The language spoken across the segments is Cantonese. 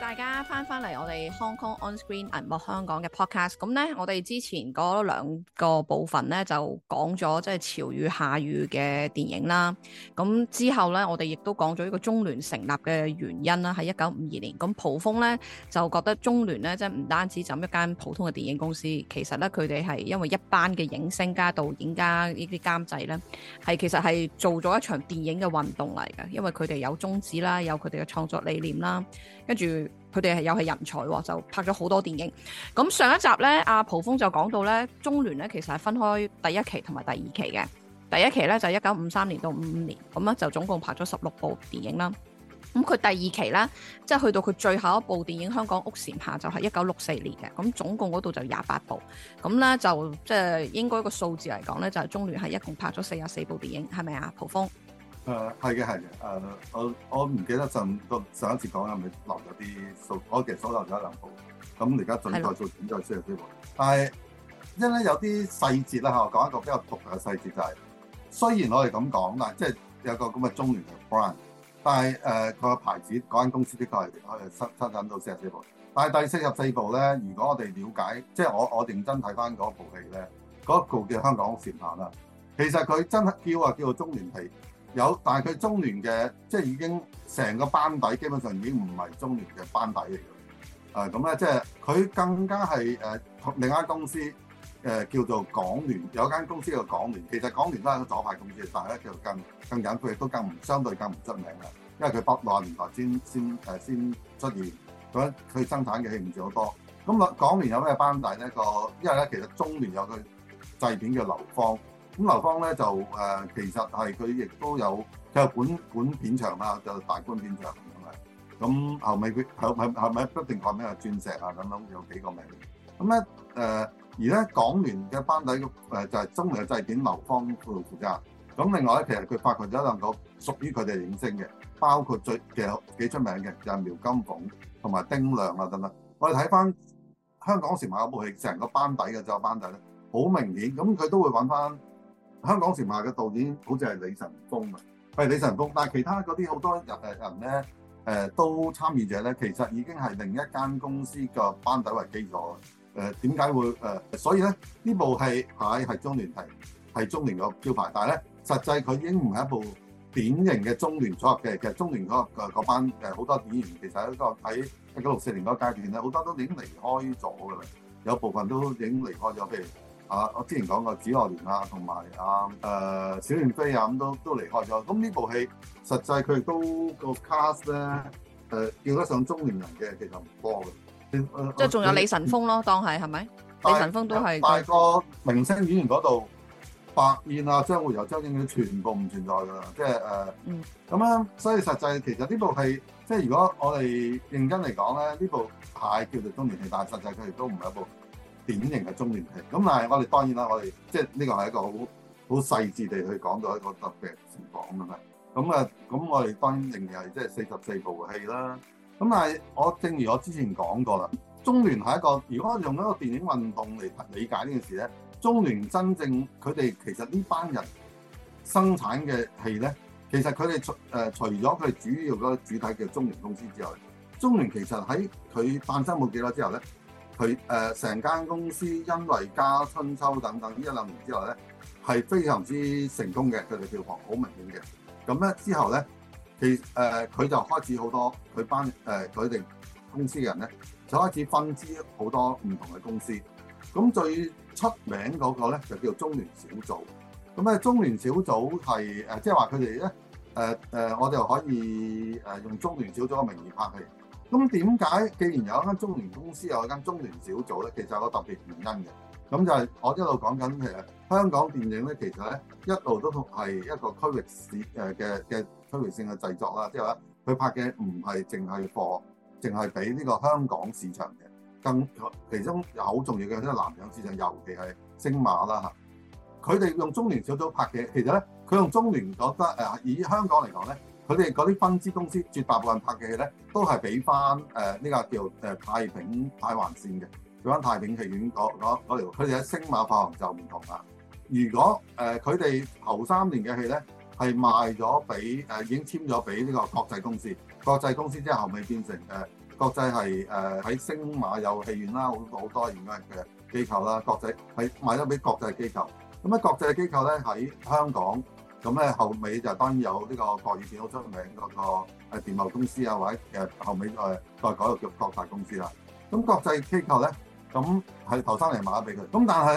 大家翻翻嚟我哋 Hong Kong On Screen，銀幕香港嘅 Podcast。咁咧，我哋之前嗰兩個部分咧就講咗即係潮語廈語嘅電影啦。咁之後咧，我哋亦都講咗一個中聯成立嘅原因啦，喺一九五二年。咁蒲鋒咧就覺得中聯咧即係唔單止就一間普通嘅電影公司，其實咧佢哋係因為一班嘅影星加導演加呢啲監製咧，係其實係做咗一場電影嘅運動嚟嘅，因為佢哋有宗旨啦，有佢哋嘅創作理念啦，跟住。佢哋係又係人才喎，就拍咗好多電影。咁上一集呢，阿蒲鋒就講到呢，中聯呢，其實係分開第一期同埋第二期嘅。第一期呢，就係一九五三年到五五年，咁咧就總共拍咗十六部電影啦。咁佢第二期呢，即係去到佢最後一部電影《香港屋檐下》，就係一九六四年嘅。咁總共嗰度就廿八部。咁呢，就即係應該個數字嚟講呢，就係中聯係一共拍咗四十四部電影，係咪啊，蒲鋒？誒係嘅係嘅。誒、呃，我我唔記得上個上一次講係咪留咗啲數，我其實所留咗兩部。咁而家準再做準四,四、就是呃、四十四部，但係因為有啲細節啦。嚇，講一個比較獨特嘅細節就係，雖然我係咁講，但係即係有個咁嘅中聯嘅 brand，但係誒佢個牌子嗰間公司的確係可以生產到四十四部，但係第四十四部咧，如果我哋了解，即係我我認真睇翻嗰部戲咧，嗰部叫香港屋簷下啦，其實佢真係叫啊叫做中聯戲。有，但係佢中聯嘅，即係已經成個班底基本上已經唔係中聯嘅班底嚟嘅。誒咁咧，即係佢更加係誒、呃、另一間公司誒、呃、叫做港聯，有間公司叫港聯。其實港聯都係一個左派公司，但係咧就更更隱晦，佢亦都更唔相對，更唔出名嘅。因為佢六十年代先先誒先出現，佢佢生產嘅戲唔算好多。咁、嗯、港聯有咩班底呢？個因為咧其實中聯有佢製片嘅劉芳。咁劉芳咧就誒、呃，其實係佢亦都有就管管片場啦，就是、大觀片場咁樣啦。咁、嗯、後尾佢後後後尾不斷改名，係鑽石啊，咁樣有幾個名字。咁咧誒，而咧港聯嘅班底，誒、呃、就係、是、中聯製片劉芳負責。咁另外咧，其實佢發掘咗兩個屬於佢哋影星嘅，包括最其實幾出名嘅就係、是、苗金鳳同埋丁亮啊等等。我哋睇翻香港嗰時買有部戲，成個班底嘅就有、是、班底咧好明顯，咁佢都會揾翻。香港時下嘅導演好似係李晨風，啊，係李晨風，但係其他嗰啲好多日誒人咧誒、呃、都參與者咧，其實已經係另一間公司嘅班底為基礎嘅。誒點解會誒、呃？所以咧呢這部戲喺係中聯係係中聯嘅招牌，但係咧實際佢已經唔係一部典型嘅中聯組合嘅。其實中聯組合嗰班誒好多演員，其實喺個喺一九六四年嗰階段咧，好多都已經離開咗㗎喇，有部分都已經離開咗，譬如。啊！我之前講過紫羅蓮啊，同埋啊誒、呃、小燕飛啊，咁都都離開咗。咁呢部戲實際佢都個 cast 咧誒、呃、叫得上中年人嘅其實唔多嘅，即係仲有李晨風咯，當係係咪？李晨風都係大哥。明、呃、星演員嗰度白燕啊、張活游、周英英全部唔存在㗎啦。即係誒，咁、呃嗯、樣所以實際其實呢部戲即係如果我哋認真嚟講咧，呢部係叫做中年戲，但實際佢亦都唔係一部。典型嘅中聯戲，咁但係我哋當然啦，我哋即係呢個係一個好好細緻地去講到一個特別情況，咁樣咁，啊，咁我哋當然仍然係即係四十四部戲啦。咁但係我正如我之前講過啦，中聯係一個，如果我用一個電影運動嚟理解呢件事咧，中聯真正佢哋其實呢班人生產嘅戲咧，其實佢哋誒除咗佢、呃、主要個主體叫中聯公司之外，中聯其實喺佢誕生冇幾耐之後咧。佢誒成間公司因為加春秋等等呢一兩年之後咧，係非常之成功嘅，佢哋票房好明顯嘅。咁咧之後咧，其誒佢、呃、就開始好多佢班誒佢哋公司嘅人咧，就開始分支好多唔同嘅公司。咁最出名嗰個咧就叫做中聯小組。咁咧中聯小組係誒、呃，即係話佢哋咧誒誒，我哋可以誒用中聯小組嘅名義拍戲。咁點解既然有一間中聯公司，有一間中聯小組咧？其實有個特別原因嘅。咁就係我一路講緊其實，香港電影咧，其實咧一路都係一個區域市誒嘅嘅區域性嘅製作啦。即係話佢拍嘅唔係淨係播，淨係俾呢個香港市場嘅，更其中有好重要嘅即係南洋市場，尤其係星馬啦嚇。佢哋用中聯小組拍嘅，其實咧佢用中聯覺得誒，以香港嚟講咧。佢哋嗰啲分支公司，絕大部分拍嘅戲咧，都係俾翻呢個叫、呃、太平太環線嘅，俾翻太平戲院攞佢哋喺星馬發行就唔同啦。如果誒佢哋頭三年嘅戲咧，係賣咗俾、呃、已經簽咗俾呢個國際公司，國際公司之後咪變成誒、呃、國際係誒喺星馬有戲院啦，好好多唔該嘅機構啦，國際係賣咗俾國際機構。咁喺國際機構咧喺香港。咁咧後尾就當然有呢個國語片好出名嗰個誒電懋公司啊，或者誒後尾再再改落叫國泰公司啦。咁國際機構咧，咁係頭三嚟賣咗俾佢。咁但係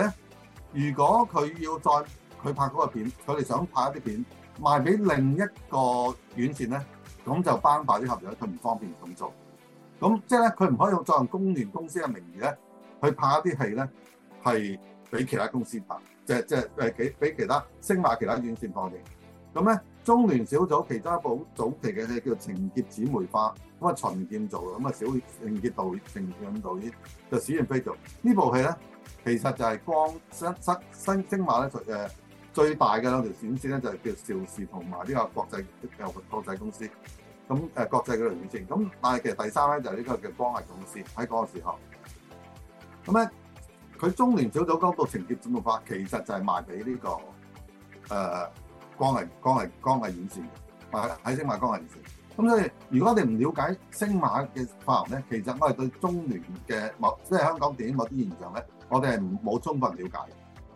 咧，如果佢要再佢拍嗰個片，佢哋想拍一啲片賣俾另一個院線咧，咁就班敗啲合約，佢唔方便咁做。咁即係咧，佢唔可以用作為公聯公司嘅名義咧，去拍一啲戲咧係俾其他公司拍。就就誒俾俾其他星馬其他院線放映，咁咧中聯小組其中一部早期嘅戲叫情結情結《情劫姊妹花》，咁啊秦劍做，咁啊小情劫導情劍導演就史亂飛做呢部戲咧，其實就係光新新新星馬咧誒最大嘅兩條院線咧就係、是、叫邵氏同埋呢個國際誒國際公司咁誒、呃、國際嗰條院線，咁但係其實第三咧就係、是、呢個叫光藝公司喺嗰個時候，咁咧。佢中聯小組嗰個情節轉動化，其實就係賣俾呢、這個誒光藝、光藝、光藝演線，賣喺星馬光藝演線。咁所以，如果我哋唔了解星馬嘅發行咧，其實我哋對中聯嘅某即係香港電影某啲現象咧，我哋係冇充分了解。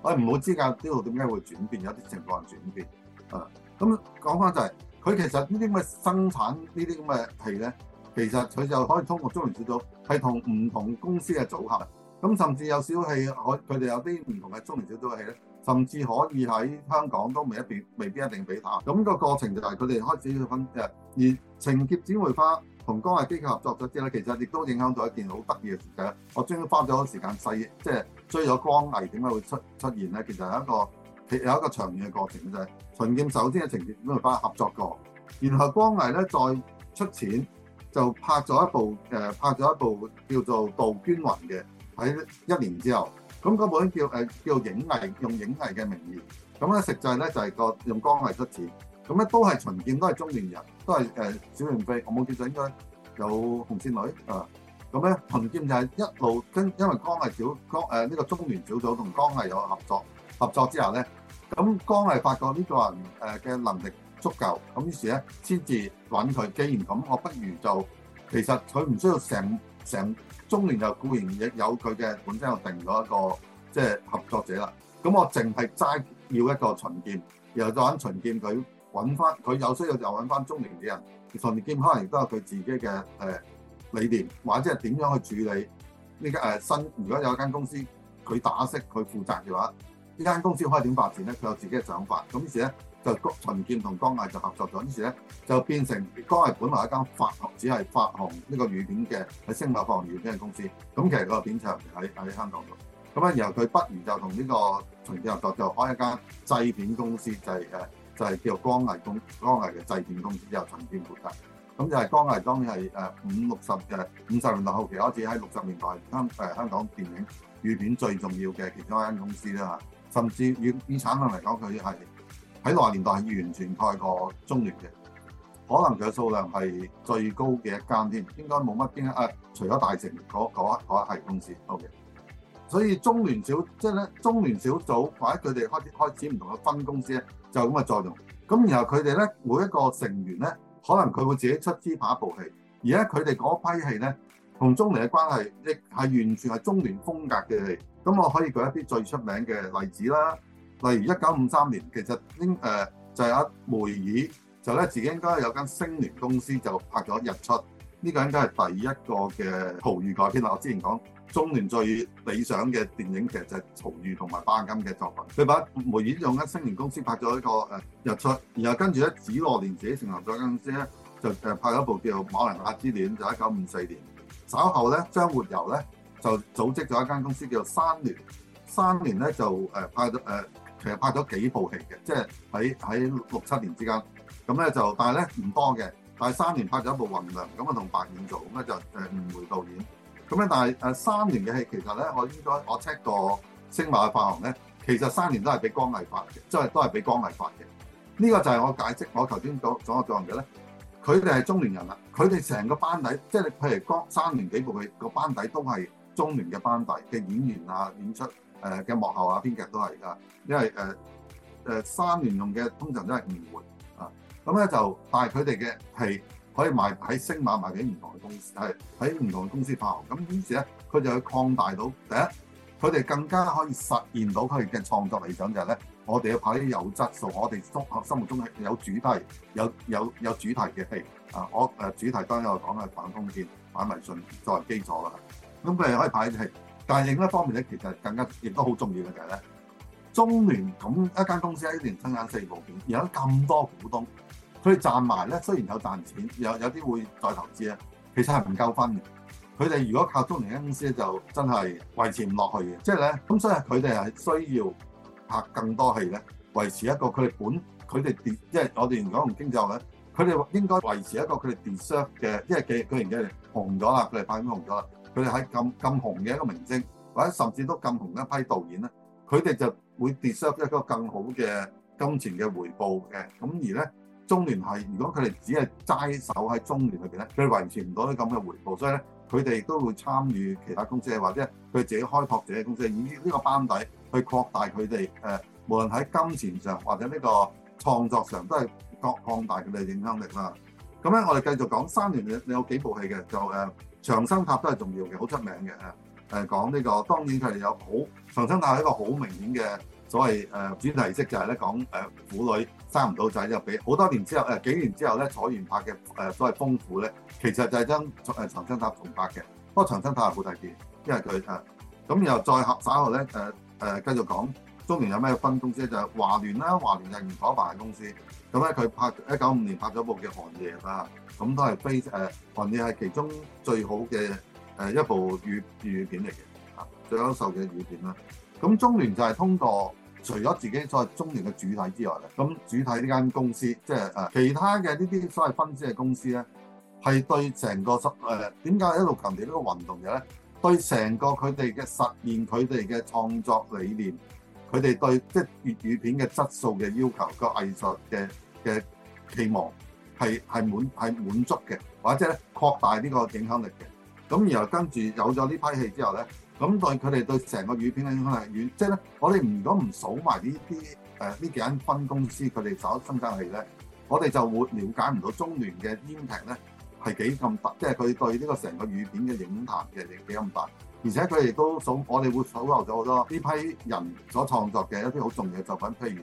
我哋唔好知教呢度點解會轉變，有啲情況係轉變。啊，咁講翻就係、是，佢其實呢啲咁嘅生產呢啲咁嘅戲咧，其實佢就可以通過中聯小組係同唔同公司嘅組合。咁甚至有小戲可佢哋有啲唔同嘅中年小組嘅戲咧，甚至可以喺香港都未必未必一定俾打。咁、那個過程就係佢哋開始去分誒。而《情劫姊妹花》同光藝機構合作咗之後咧，其實亦都影響到一件好得意嘅事情。係我將花咗時間細即係追咗光藝，點解會出出現咧？其實係一個有有一個長遠嘅過程嘅就係、是《秦劍》首先係《情劫姊妹花》合作過，然後光藝咧再出錢就拍咗一部誒、呃，拍咗一部叫做道的《杜鵑雲》嘅。喺一年之後，咁嗰本叫誒叫影藝，用影藝嘅名義，咁咧實際咧就係個用光藝出錢，咁咧都係秦劍，都係中年人，都係誒小燕飛，我冇記錯應該有紅線女啊，咁咧秦劍就係一路跟，因為光藝小光誒呢個中聯小組同光藝有合作合作之下咧，咁光藝發覺呢個人誒嘅能力足夠，咁於是咧先至揾佢，既然咁，我不如就其實佢唔需要成。成中聯就固然亦有佢嘅本身，我定咗一個即係合作者啦。咁我淨係齋要一個秦劍，然後再揾秦劍，佢揾翻佢有需要就揾翻中聯嘅人。秦劍可能亦都有佢自己嘅誒、呃、理念，或者係點樣去處理呢間誒新，如果有一間公司佢打骰佢負責嘅話，呢間公司可以點發展咧？佢有自己嘅想法。咁於是咧。就國秦建同光藝就合作咗，於是咧就變成光藝本來一間發行只係發行呢個語片嘅喺星馬發行語片嘅公司。咁其實個片場就喺喺香港度。咁咧然後佢不如就同呢個秦建合作，就開一間製片公司，就係、是、誒就係、是、叫做光藝公光藝嘅製片公司，由、就是、秦建負責。咁就係光藝當然係誒五六十嘅五十年代後期開始喺六十年代香誒香港電影語片最重要嘅其中一間公司啦。甚至以以產量嚟講，佢係。喺六十年代係完全蓋過中聯嘅，可能佢嘅數量係最高嘅一間添，應該冇乜邊一啊，除咗大成嗰嗰嗰一係公司。O.K.，所以中聯小即係咧，中聯小組或者佢哋開始開始唔同嘅分公司咧，就咁嘅作用。咁然後佢哋咧每一個成員咧，可能佢會自己出資拍一部戲，而家佢哋嗰批戲咧，同中聯嘅關係亦係完全係中聯風格嘅戲。咁我可以舉一啲最出名嘅例子啦。例如一九五三年，其實應誒、呃、就阿、是、梅爾就咧自己應該有間星聯公司就拍咗日出，呢、這個應該係第一個嘅曹禺改編啦。我之前講中聯最理想嘅電影劇就係曹禺同埋巴金嘅作品。佢把梅爾用間星聯公司拍咗一個誒、呃、日出，然後跟住咧紫羅蓮自己成立咗間公司咧，就誒拍咗一部叫《馬來亞之戀》，就一九五四年。稍後咧張活游咧就組織咗一間公司叫做三聯，三聯咧就誒拍咗誒。呃其實拍咗幾部戲嘅，即係喺喺六七年之間，咁咧就但係咧唔多嘅，但係三年拍咗一部《雲亮》，咁啊同白燕做，咁咧就誒吳回導演，咁咧但係誒三年嘅戲其實咧我應該我 check 過星馬嘅發行咧，其實三年都係俾江藝發嘅，即係都係俾江藝發嘅。呢個就係我解釋我頭先講咗嘅作用嘅咧。佢哋係中年人啦，佢哋成個班底，即係譬如江三年幾部戲個班底都係中年嘅班底嘅演員啊演出。誒嘅幕後啊，編劇都係噶，因為誒誒、呃呃、中聯用嘅通常都係連環啊，咁咧就但係佢哋嘅戲可以賣喺星馬賣俾唔同嘅公司，係喺唔同嘅公司發行。咁於是咧，佢就去擴大到第一，佢哋更加可以實現到佢哋嘅創作理想就係咧，我哋要拍啲有質素，我哋中心目中有主題、有有有主題嘅戲啊，我誒、呃、主題當然嚟講係反封建、反迷信作為基礎啦。咁佢哋可以拍係。但係另一方面咧，其實更加亦都好重要嘅就係咧，中聯咁一間公司一年生產四部片，家咁多股東，佢哋賺埋咧，雖然有賺錢，有有啲會再投資咧，其實係唔夠分嘅。佢哋如果靠中聯公司咧，就真係維持唔落去嘅。即係咧，咁所以佢哋係需要拍更多戲咧，維持一個佢哋本，佢哋 d e s 我哋嚟講用經濟學咧，佢哋應該維持一個佢哋 d e 嘅，即係佢既然嘅紅咗啦，佢哋拍片紅咗啦。佢哋喺咁咁紅嘅一個明星，或者甚至都咁紅嘅一批導演咧，佢哋就會 deserve 一個更好嘅金錢嘅回報嘅。咁而咧，中聯係，如果佢哋只係齋守喺中聯裏邊咧，佢維持唔到啲咁嘅回報，所以咧，佢哋都會參與其他公司或者佢自己開拓自己嘅公司，以呢個班底去擴大佢哋誒，無論喺金錢上或者呢個創作上，都係擴擴大佢哋嘅影響力啦。咁咧，我哋繼續講三聯你你有幾部戲嘅？就誒。呃長生塔都係重要嘅，好出名嘅。誒講呢、這個，當然佢哋有好長生塔係一個好明顯嘅所謂誒、呃、主題式就是，就係咧講誒婦女生唔到仔就俾好多年之後誒、呃、幾年之後咧，楚原拍嘅誒、呃、所謂豐富」咧，其實就係將誒長生塔重拍嘅。不過長生塔係好大件，因為佢誒咁然後再合稍後咧誒誒繼續講中聯有咩分公司咧，就係、是、華聯啦，華聯係唔可或嘅公司。咁咧佢拍一九五年拍咗部叫《寒夜》啦。咁都係非誒，橫豎係其中最好嘅誒一部粵粵語片嚟嘅，最優秀嘅粵語片啦。咁中聯就係通過除咗自己所謂中聯嘅主體之外咧，咁主體呢間公司，即係誒其他嘅呢啲所謂分支嘅公司咧，係對成個實誒點解一路擒地呢個運動嘅咧？對成個佢哋嘅實現佢哋嘅創作理念，佢哋對即係粵語片嘅質素嘅要求、個藝術嘅嘅期望。係係滿係滿足嘅，或者咧擴大呢個影響力嘅。咁然後跟住有咗呢批戲之後咧，咁對佢哋對成個語片嘅影響力，語即係咧，我哋唔如果唔數埋呢啲誒呢幾間分公司佢哋所生產戲咧，我哋就會了解唔到中聯嘅編劇咧係幾咁大，即係佢對呢個成個語片嘅影壇嘅影幾咁大。而且佢哋都數，我哋會保留咗好多呢批人所創作嘅一啲好重要嘅作品，譬如。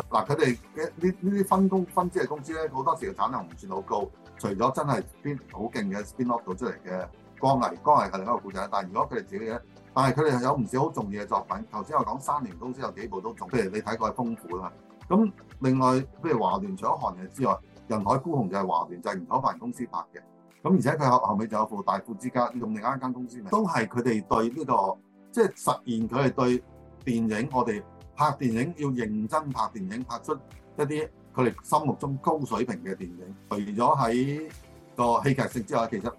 嗱，佢哋呢呢啲分工分支嘅公司咧，好多時嘅產量唔算好高。除咗真係邊好勁嘅 spin off 到出嚟嘅光藝，光藝係另一個故仔，但係如果佢哋自己嘅，但係佢哋有唔少好重要嘅作品。頭先我講三年公司有幾部都做，譬如你睇過《豐富》啦。咁另外，譬如華聯除咗韓劇之外，《人海孤鴻》就係華聯，就係吳楚帆公司拍嘅。咁而且佢後後尾就有部《大富之家》，用另一間公司。都係佢哋對呢、這個即係、就是、實現佢哋對電影，我哋。拍電影要認真拍電影，拍出一啲佢哋心目中高水平嘅電影。除咗喺個戲劇性之外，其實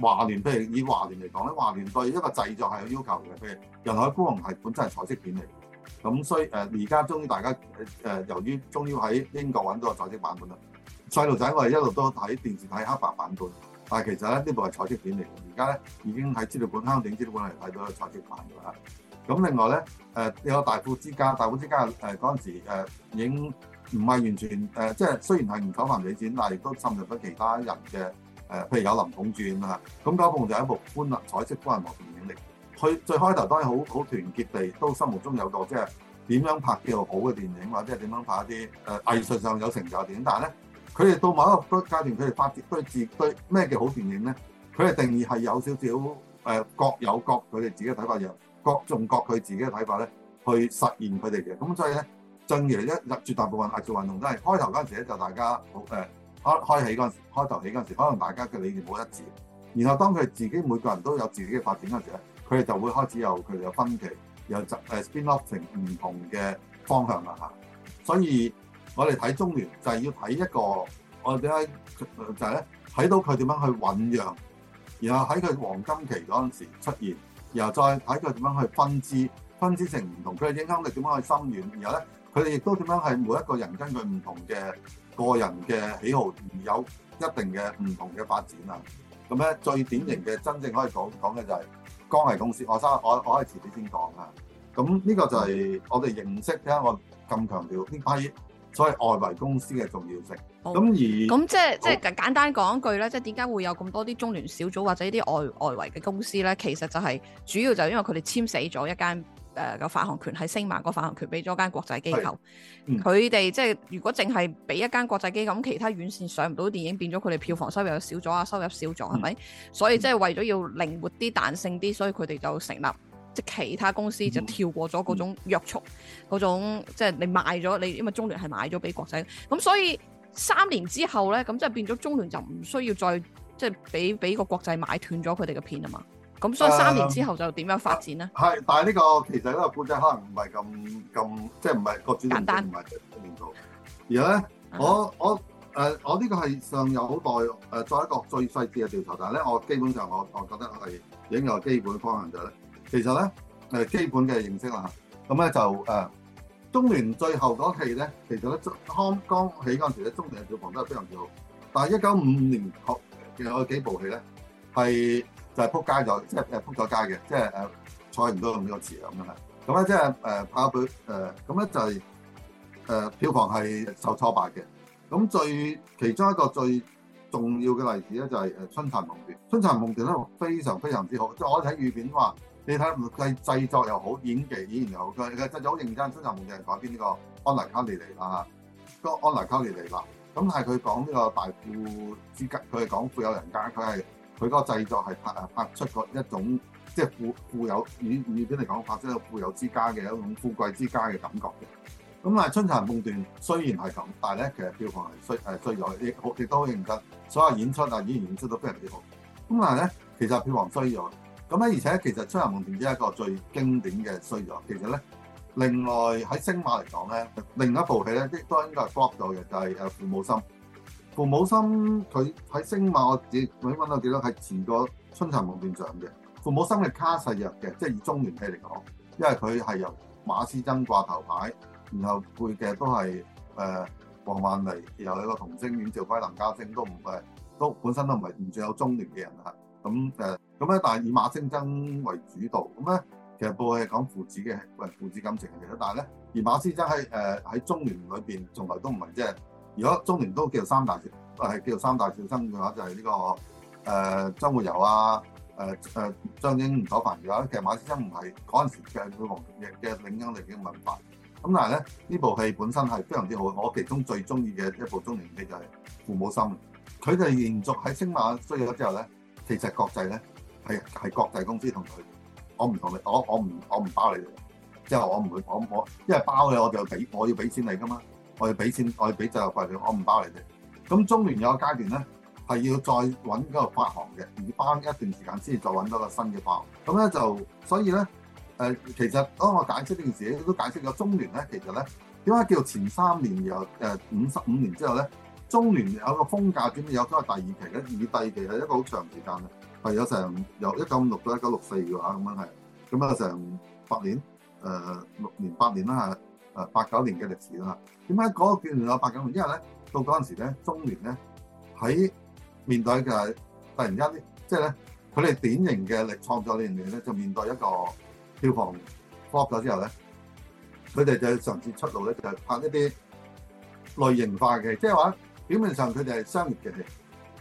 華聯譬如以華聯嚟講咧，華聯對一個製作係有要求嘅。譬如《人海孤鴻》係本身係彩色片嚟嘅，咁所以誒而家終於大家誒由於終於喺英國揾到個彩色版本啦。細路仔我哋一路都睇電視睇黑白版本，但係其實咧，呢部係彩色片嚟嘅。而家咧已經喺資料館、香港電影資料館嚟睇到個彩色版㗎啦。咁另外咧，誒有大富之家《大富之家》，《大富之家》嗰陣時影已經唔係完全，即係雖然係唔講男女展，但係亦都滲入咗其他人嘅，譬如有林鑽《林桶傳咁咁，呢部就係一部歡樂彩色闊銀幕嘅電影嚟。佢最開頭當然好好團結地，都心目中有個即係點樣拍叫做好嘅電影，或者係點樣拍一啲誒藝術上有成就嘅電影。但係咧，佢哋到某一個階段，佢哋發掘自對咩叫好電影咧？佢哋定義係有少少各有各佢哋自己嘅睇法嘅。各仲各佢自己嘅睇法咧，去實現佢哋嘅。咁所以咧，正如一入絕大部分藝術運動都係開頭嗰陣時咧，就大家好誒開開起嗰陣時，開頭起嗰陣時候，可能大家嘅理念冇一致。然後當佢哋自己每個人都有自己嘅發展嗰陣時咧，佢哋就會開始有佢哋有分歧，有誒、uh, spin off 成唔同嘅方向啦嚇。所以我哋睇中聯就係、是、要睇一個我哋點解就係咧睇到佢點樣去醖釀，然後喺佢黃金期嗰陣時候出現。然後再睇佢點樣去分支，分支成唔同，佢哋影響力點樣去深遠。然後咧，佢哋亦都點樣係每一個人根據唔同嘅個人嘅喜好，沒有一定嘅唔同嘅發展啊。咁咧，最典型嘅、嗯、真正可以講講嘅就係光藝公司。我收我我開始先先講啊。咁呢個就係我哋認識啊。下我咁強調，係。所以外圍公司嘅重要性，咁而咁即係即係簡單講一句咧，即係點解會有咁多啲中聯小組或者啲外外圍嘅公司咧？其實就係主要就係因為佢哋簽死咗一間誒、呃、個發行權喺星馬個發行權俾咗間國際機構，佢哋、嗯、即係如果淨係俾一間國際機構，其他院線上唔到電影，變咗佢哋票房收入又少咗啊，收入少咗係咪？所以即係為咗要靈活啲、彈性啲，所以佢哋就成立。其他公司就跳過咗嗰種約束，嗰、嗯嗯、種即係、就是、你賣咗你，因為中聯係買咗俾國際咁，所以三年之後咧，咁即係變咗中聯就唔需要再即係俾俾個國際買斷咗佢哋嘅片啊嘛。咁所以三年之後就點樣發展咧？係、呃呃、但係呢個其實咧，國際可能唔係咁咁，即係唔係個主是，唔係年度。而咧、嗯，我我誒，我呢、呃、個係上有好多誒，做一個最細緻嘅調查，但係咧，我基本上我我覺得我係影有基本方向就咧、是。其實咧，誒基本嘅認識啦，咁咧就誒、啊、中聯最後嗰期咧，其實咧康剛起嗰陣時咧，中聯嘅票房都係非常之好。但係一九五五年拍另外幾部戲咧，係就係、是、仆街咗，即係誒仆咗街嘅，即係誒坐唔到咁多字咁嘅啦。咁咧即係誒拍下部誒，咁咧就係誒、啊啊啊、票房係受挫敗嘅。咁最其中一個最重要嘅例子咧，就係、是、誒《春殘夢斷》。《春殘夢斷》咧非常非常之好，即係我睇預片都話。你睇佢製作又好，演技演員又好，佢佢製作好，好認真。春殘夢斷改編呢個安娜·卡利尼啦，嚇，個安娜·卡利尼啦。咁但係佢講呢個大富之家，佢係講富有人家，佢係佢個製作係拍誒拍出過一種，即係富富有演以點嚟講，拍出個富有之家嘅一種富貴之家嘅感覺嘅。咁但係春殘夢斷雖然係咁，但係咧其實票房係衰誒衰咗，亦亦都好認真。所有演出啊演員演出都非常之好。咁但係咧，其實票房衰咗。咁咧，而且其實《春殘夢斷》點止一個最經典嘅衰作。其實咧，另外喺星馬嚟講咧，另一部戲咧，亦都應該係 block 到嘅，就係《誒父母心》。《父母心》佢喺星馬，我自己揾到幾多係前個《春殘夢斷》片上嘅。《父母心》係卡士弱嘅，即係以中聯戲嚟講，因為佢係由馬師曾掛頭牌，然後配嘅都係誒黃曼梨，又係一個童星阮兆輝、林家聲，都唔係都本身都唔係唔算有中聯嘅人啦。咁誒咁咧，但係以馬師曾為主導，咁、嗯、咧其實部戲講父子嘅，喂父子感情嘅。其但係咧，而馬師曾喺誒喺中聯裏邊，從來都唔係即係。如果中聯都叫三大，係、呃、叫做三大小生嘅話，就係、是、呢、這個誒張活游啊，誒、呃、誒張瑛、吳楚帆嘅話，其實馬師曾唔係嗰陣時嘅嘅嘅領軍嚟嘅文化。咁但係咧，呢部戲本身係非常之好。我其中最鍾意嘅一部中聯戲就係《父母心》。佢哋連續喺星馬衰咗之後咧。其實國際咧，係係國際公司同佢，我唔同你，我我唔我唔包你哋，即係我唔會我我，因為包你我就要俾，我要俾錢給你噶嘛，我要俾錢，我要俾製作費你，我唔包你哋。咁中聯有個階段咧，係要再揾一個發行嘅，要班一段時間先再揾到個新嘅包。咁咧就所以咧誒，其實當我解釋呢件事咧，都解釋咗中聯咧，其實咧點解叫前三年又誒五十五年之後咧？中聯有個風格點有都係第二期咧，第二期係一個好長時間嘅，係有成由一九五六到一九六四嘅話咁樣係，咁有成八年，誒六年八年啦嚇，八九年嘅歷史啦嚇。點解嗰段有八九年，因為咧，到嗰陣時咧，中聯咧喺面對嘅突然間咧，即係咧，佢哋典型嘅力創作年量咧，就面對一個票房科咗之後咧，佢哋就嘗試出路咧，就拍一啲類型化嘅，即係話。表面上佢哋係商業嘅，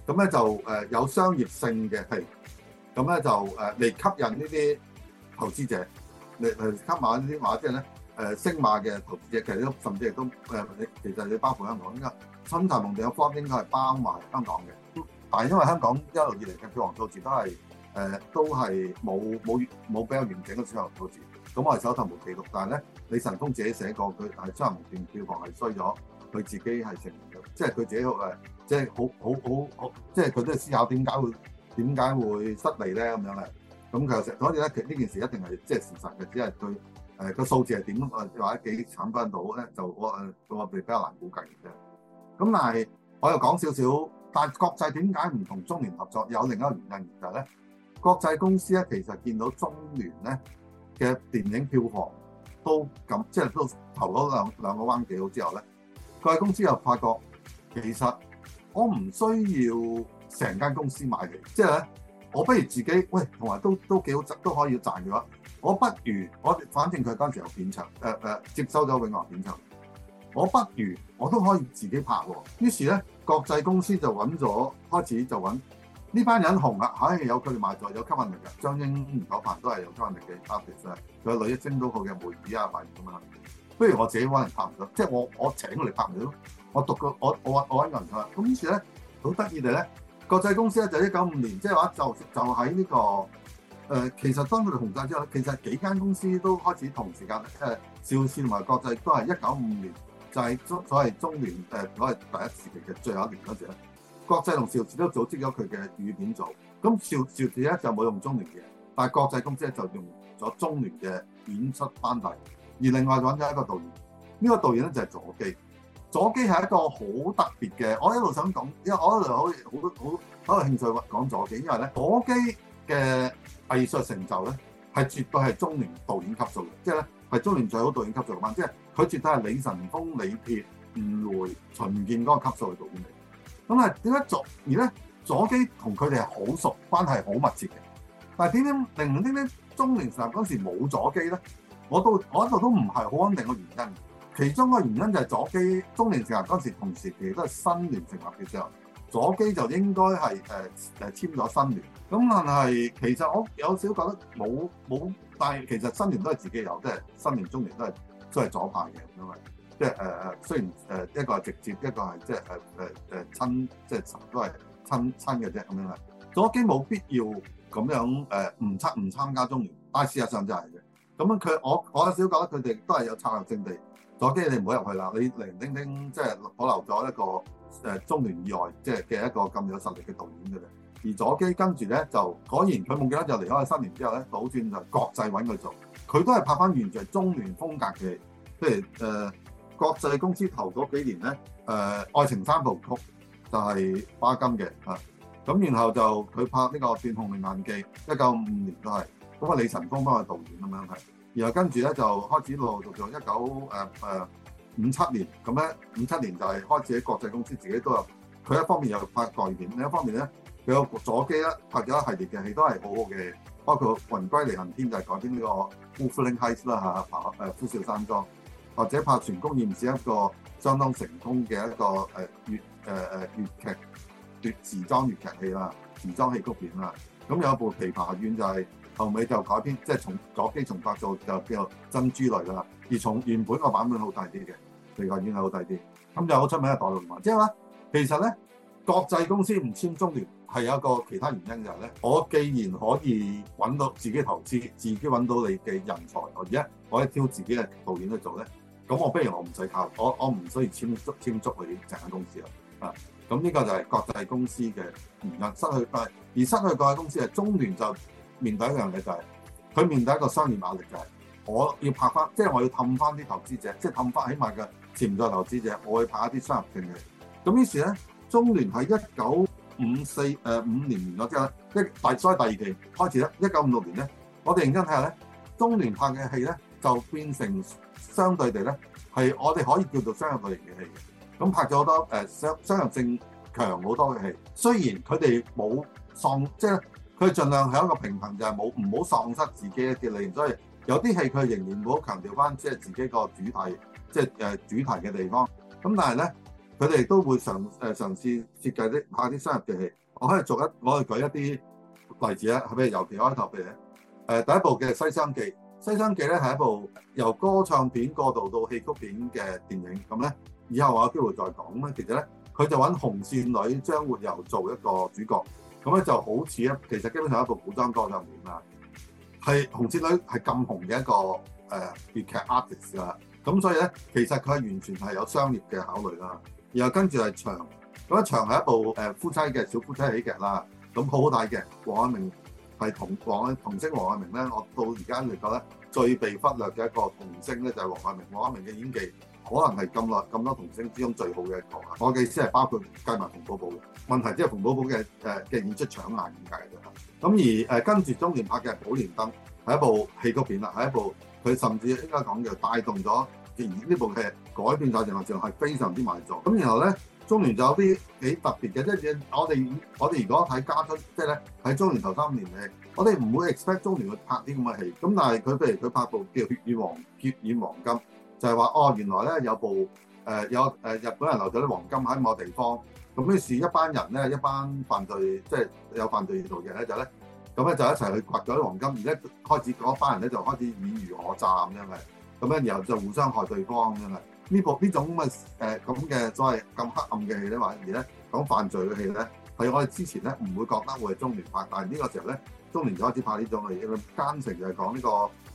咁咧就誒有商業性嘅係，咁咧就誒嚟吸引呢啲投資者嚟嚟吸買呢啲馬，即係咧誒星馬嘅投資者，其實都甚至亦都誒，其實你包括香港依家新泰蒙地方應該係包埋香港嘅，但係因為香港一路以嚟嘅票房數字都係誒都係冇冇冇比較完整嘅票房數字，咁我哋手頭冇記錄，但係咧李晨風自己寫過佢，但係商行蒙地票房係衰咗，佢自己係成。即係佢自己誒，即係好好好好，即係佢都係思考點解會點解會失利咧？咁樣咧，咁佢又所以咧，呢件事一定係即係事實嘅。只係對誒個數字係點誒，或者幾慘翻到咧，就我誒我哋比較難估計嘅啫。咁但係我又講少少，但係國際點解唔同中聯合作？有另一個原因就係咧，國際公司咧其實見到中聯咧嘅電影票房都咁即係都投咗兩個兩個彎幾好之後咧，國際公司又發覺。其實我唔需要成間公司買嚟，即係咧，我不如自己喂，同埋都都幾好都可以賺嘅話，我不如我，反正佢當時有片酬，誒、呃、誒、呃、接收咗永華片酬，我不如我都可以自己拍喎。於是咧，國際公司就揾咗，開始就揾呢班人紅啦，肯定、哎、有佢哋賣座，有吸引力嘅。張瑛、吳楚帆都係有吸引力嘅，特別就係佢女一升到佢嘅梅綺啊，賣咁啊！啊不如我自己揾人拍唔到，即係我我請佢嚟拍唔到。我讀過我我我揾人佢咁於是咧好得意地咧，國際公司咧就一九五年，即係話就就喺呢、這個誒、呃，其實當佢哋紅曬之後咧，其實幾間公司都開始同時間誒、呃，邵氏同埋國際都係一九五年，就係、是、所謂中聯誒所謂第一時期嘅最後一年嗰陣咧，國際同邵氏都組織咗佢嘅語片組。咁邵邵氏咧就冇用中聯嘅，但係國際公司咧就用咗中聯嘅演出班底。而另外揾咗一個導演，呢、這個導演咧就係左基。左基係一個好特別嘅，我一路想講，因為我一路好好多好興趣講左基，因為咧左基嘅藝術成就咧係絕對係中聯導演級數嘅，即係咧係中聯最好導演級數嘅班，即係佢絕對係李晨風、李鐵、吳回、秦劍嗰個級數嘅導演嚟。咁啊點解而咧左基同佢哋係好熟，關係係好密切嘅。但係點解零零丁丁中聯時候嗰時冇左基咧？我都我度都唔係好穩定嘅原因，其中個原因就係左基中聯成立嗰陣時當時，同時，同時期都係新聯成立嘅時候，左基就應該係誒誒簽咗新聯。咁但係其實我有少覺得冇冇，但係其實新聯都係自己有，即係新聯、中聯都係都係左派嘅，因為即係誒誒，雖然誒、呃、一個係直接，一個係即係誒誒誒親，即係都係親親嘅啫咁樣啦。左基冇必要咁樣誒唔、呃、參唔參加中聯，但係事實上真係嘅。咁樣佢我我少少覺得佢哋都係有策略，政地左幾，你唔好入去啦。你零零丁丁即係保留咗一個誒、呃、中聯以外，即係嘅一個咁有實力嘅導演嘅啦。而左幾跟住咧就果然佢冇記得就離開咗三年之後咧，倒轉就國際揾佢做，佢都係拍翻完，完全係中聯風格嘅。譬如誒、呃、國際公司頭嗰幾年咧誒、呃、愛情三部曲就係、是、巴金嘅咁、啊、然後就佢拍呢、這個《斷鴻零雁記》，一九五五年都係。咁啊，李晨峰幫佢導演咁樣係，然後跟住咧就開始露19，呃，就做一九誒誒五七年，咁咧五七年就係開始喺國際公司自己都有。佢一方面又拍電片，另一方面咧佢有左機咧拍咗一系列嘅戲，都係好好嘅。包括《魂歸離恨天》就係改編呢個《Wuthering Heights》啦嚇，拍、啊、誒《呼嘯山莊》，或者拍《全公演》亦唔止一個相當成功嘅一個誒粵誒誒粵劇粵時裝粵劇戲啦，時裝戲曲片啦。咁有一部《琵琶怨》就係、是。後尾就改編，即係從左機從白做，就叫做珍珠類嘅啦。而從原本個版本好大啲嘅，比較已經係好大啲。咁就好出名嘅代輪環》，即係話其實咧，國際公司唔簽中聯係有一個其他原因就係。咧，我既然可以揾到自己投資，自己揾到你嘅人才，我而家我可以挑自己嘅導演去做咧，咁我，我不如我唔使靠，我我唔需要簽簽足佢啲成間公司啦。啊，咁呢個就係國際公司嘅原因失去，但係而失去國際公司係中聯就。面對一樣嘢，就係，就係，佢面對一個商業壓力就係，係，我要拍翻，即係我要氹翻啲投資者，即係氹翻起碼嘅潛在投資者，我會拍一啲商業性嘅戲。咁於是咧，中聯喺一九五四誒五年完咗之後咧，一大所以第二期開始咧，一九五六年咧，我哋認真睇下咧，中聯拍嘅戲咧就變成相對地咧係我哋可以叫做商業類型嘅戲嘅。咁拍咗好多誒商、呃、商業性強好多嘅戲，雖然佢哋冇喪即係。佢盡量係一個平衡，就係冇唔好喪失自己一啲利益，所以有啲戲佢仍然好強調翻，即係自己個主題，即係誒主題嘅地方。咁但係咧，佢哋都會嘗誒嘗試設計啲下啲新入嘅戲。我可以做一，我嚟舉一啲例子啦。譬如尤其開頭嘅誒第一部嘅、就係《西廂記》，《西廂記》咧係一部由歌唱片過渡到戲曲片嘅電影。咁咧以後我有機會再講啦。其實咧，佢就揾紅線女張活游做一個主角。咁咧就好似咧，其實基本上一部古裝歌劇片啦，係紅線女係咁紅嘅一個誒粵、呃、劇 artist 啦。咁所以咧，其實佢係完全係有商業嘅考慮啦。然後跟住係長，咁樣長係一部誒、呃、夫妻嘅小夫妻喜劇啦。咁、啊、好好睇嘅王愛明係同黃童星王愛明咧，我到而家嚟講咧，最被忽略嘅一個童星咧就係王愛明，王愛明嘅演技。可能係咁耐咁多童星之中最好嘅、呃啊呃、一,一部，我嘅意思係包括計埋馮寶寶嘅問題，即係馮寶寶嘅嘅演出搶眼咁解嘅，咁而跟住中聯拍嘅《寶蓮燈》係一部戲曲片啦，係一部佢甚至應該講嘅，帶動咗，而呢部劇改變咗，然後就係非常之賣座。咁然後咧，中聯就有啲幾特別嘅，即係我哋我哋如果睇家出，即係咧，喺中聯頭三年嘅我哋唔會 expect 中聯去拍啲咁嘅戲，咁但係佢譬如佢拍部叫《血染黃血染黃金》。就係、是、話哦，原來咧有部誒、呃、有誒、呃、日本人留咗啲黃金喺某地方，咁於是一呢，一班人咧一班犯罪，即係有犯罪嘅途徑咧，就咧咁咧就一齊去掘咗啲黃金，而咧開始嗰班人咧就開始免如可佔爾虞我詐咁樣嘅，咁咧然後就互相害對方咁樣嘅呢部呢種咁嘅誒咁嘅所謂咁黑暗嘅戲咧，而咧講犯罪嘅戲咧係我哋之前咧唔會覺得會係中聯拍，但係呢個時候咧中聯就開始拍呢種類嘅奸情，成就係講呢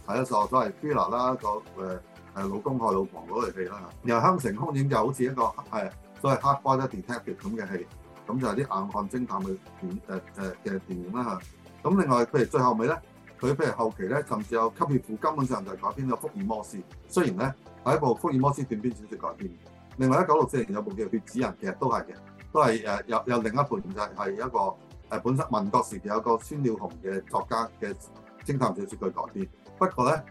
個係一所所謂啦個誒。呃誒老公害老婆嗰類戲啦嚇，又《香城兇影》就好似一個係所謂 hardboiled detective 咁嘅戲，咁就係啲硬漢偵探嘅片誒誒嘅電影啦嚇。咁另外，譬如最後尾咧，佢譬如後期咧，甚至有吸血婦，根本上就係改編咗福爾摩斯。雖然咧係一部福爾摩斯短篇小説改編。另外，一九六四年有部叫《血子人》，其實都係嘅，都係誒有有另一部，就係一個誒本身民國時期有一個孫耀雄嘅作家嘅偵探小説佢改編。不過咧。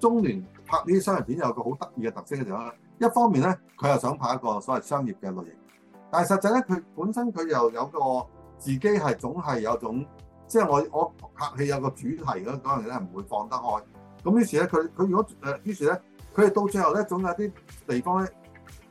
中聯拍呢啲商業片有個好得意嘅特色嘅地方，一方面咧佢又想拍一個所謂商業嘅類型，但係實際咧佢本身佢又有個自己係總係有種，即係我我拍戲有個主題咯，嗰陣時咧唔會放得開。咁於是咧佢佢如果誒於是咧，佢哋到最後咧總有啲地方咧，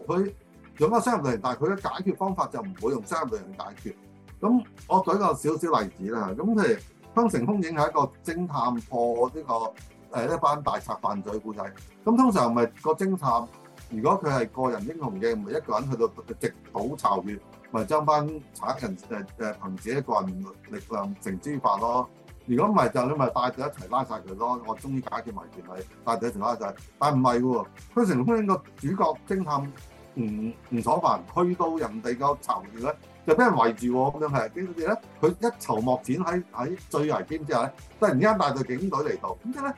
佢用個商業類型，但係佢嘅解決方法就唔會用商業類型去解決。咁我舉個少少例子啦，咁譬如《香城風影》係一個偵探破呢個。誒一班大賊犯罪故仔，咁通常唔係個偵探，如果佢係個人英雄嘅，唔係一個人去到直搗巢穴，咪將班賊人誒誒憑自己一個人力量繩之於法咯。如果唔係就你咪帶隊一齊拉晒佢咯。我終於解決埋件事，帶隊一齊拉晒。係，但唔係喎。佢成個呢個主角偵探唔唔爽快，去到人哋個巢穴咧，就俾人圍住喎，咁樣係點解咧？佢一籌莫展喺喺最危險之下咧，突然間帶隊警隊嚟到，點解咧？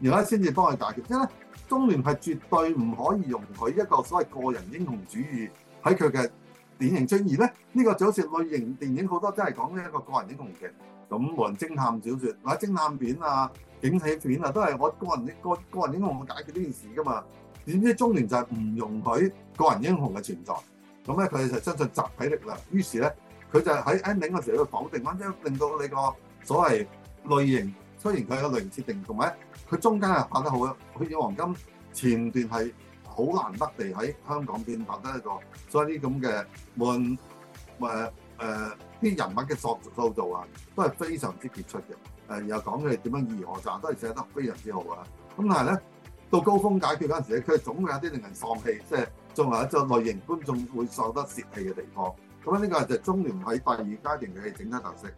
然後先至幫佢解決，因為中聯係絕對唔可以容許一個所謂個人英雄主義喺佢嘅典型出現，而咧呢、呢個就好似類型電影好多都係講一個個人英雄劇，咁無人偵探小説，或者偵探片啊、警匪片啊，都係我個人個個人英雄去解決呢件事噶嘛？點知中聯就係唔容許個人英雄嘅存在，咁咧佢就相信集體力量，於是咧佢就喺 ending 嘅時候去否定翻，即令到你個所謂類型，雖然佢有類型設定同埋。佢中間係拍得好啊！好似黃金前段係好難得地喺香港片拍得一個，所以呢咁嘅悶誒誒啲人物嘅塑塑造啊，都係非常之傑出嘅。誒又講佢點樣演如何賺，都係寫得非常之好啊！咁但係咧到高峰解決嗰陣時咧，佢總會有啲令人喪氣，即係仲有一種類型觀眾會受得泄氣嘅地方。咁樣呢個就係中聯喺第二階段嘅整體特色。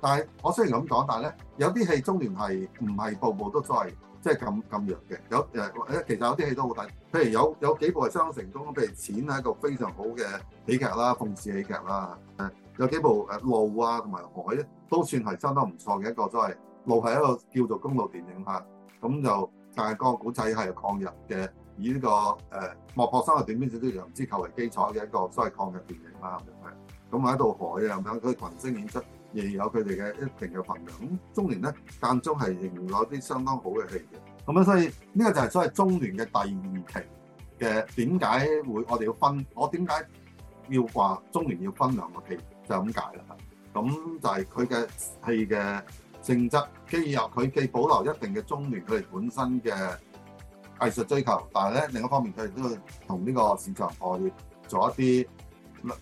但係我雖然咁講，但係呢有啲戲中聯係唔係部部都真係即係咁咁弱嘅。有誒誒，其實有啲戲都好睇。譬如有有幾部係相當成功，譬如《錢》係一個非常好嘅喜劇啦、諷刺喜劇啦。誒有幾部誒路啊同埋海都算係相當唔錯嘅一個，所謂路係一個叫做公路電影嚇。咁就但係個古仔係抗日嘅，以呢、這個誒莫泊桑嘅短篇小説羊脂球求為基礎嘅一個，所謂抗日電影啦咁樣。咁喺度海啊咁，佢、那個、群星演出，亦有佢哋嘅一定嘅份量。咁中聯咧間中係仍然攞啲相當好嘅戲嘅。咁樣所以呢、呢個就係所謂中聯嘅第二期嘅點解會我哋要分？我點解要話中聯要分兩、就係、個期就咁解啦？咁就係佢嘅戲嘅性質，既有佢既保留一定嘅中聯佢哋本身嘅藝術追求，但係咧另一方面佢哋都要同呢個市場行業做一啲。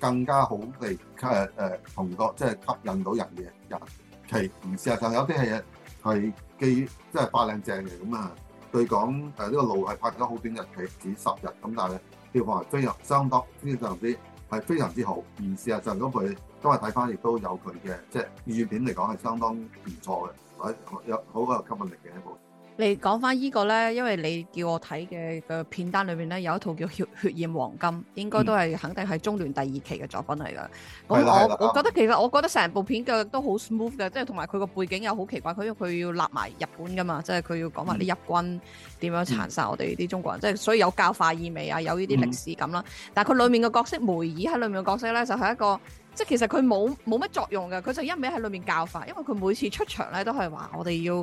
更加好地同個、呃呃、即係吸引到人嘅人其唔事實上有啲係係基於即係發靚正嘅咁啊！對講呢、呃呢個路係拍咗好短日期，只十日咁，但係票房係非常相當非常之非常之好，而事實上，咁佢今日睇翻，亦都有佢嘅即係意念嚟講係相當唔錯嘅，有好個吸引力嘅一部。你講翻呢個咧，因為你叫我睇嘅嘅片單裏面咧，有一套叫《血血染黃金》，應該都係肯定係中聯第二期嘅作品嚟㗎。咁、嗯、我我覺得其實我覺得成部片嘅都好 smooth 嘅，即係同埋佢個背景又好奇怪，佢佢要立埋日本㗎嘛，即係佢要講話啲日軍點樣殘殺我哋啲中國人，嗯、即係所以有教化意味啊，有呢啲歷史感啦。但係佢裡面嘅角色梅爾喺裡面嘅角色咧，就係、是、一個。即係其實佢冇冇乜作用嘅，佢就一味喺裏面教法，因為佢每次出場咧都係話我哋要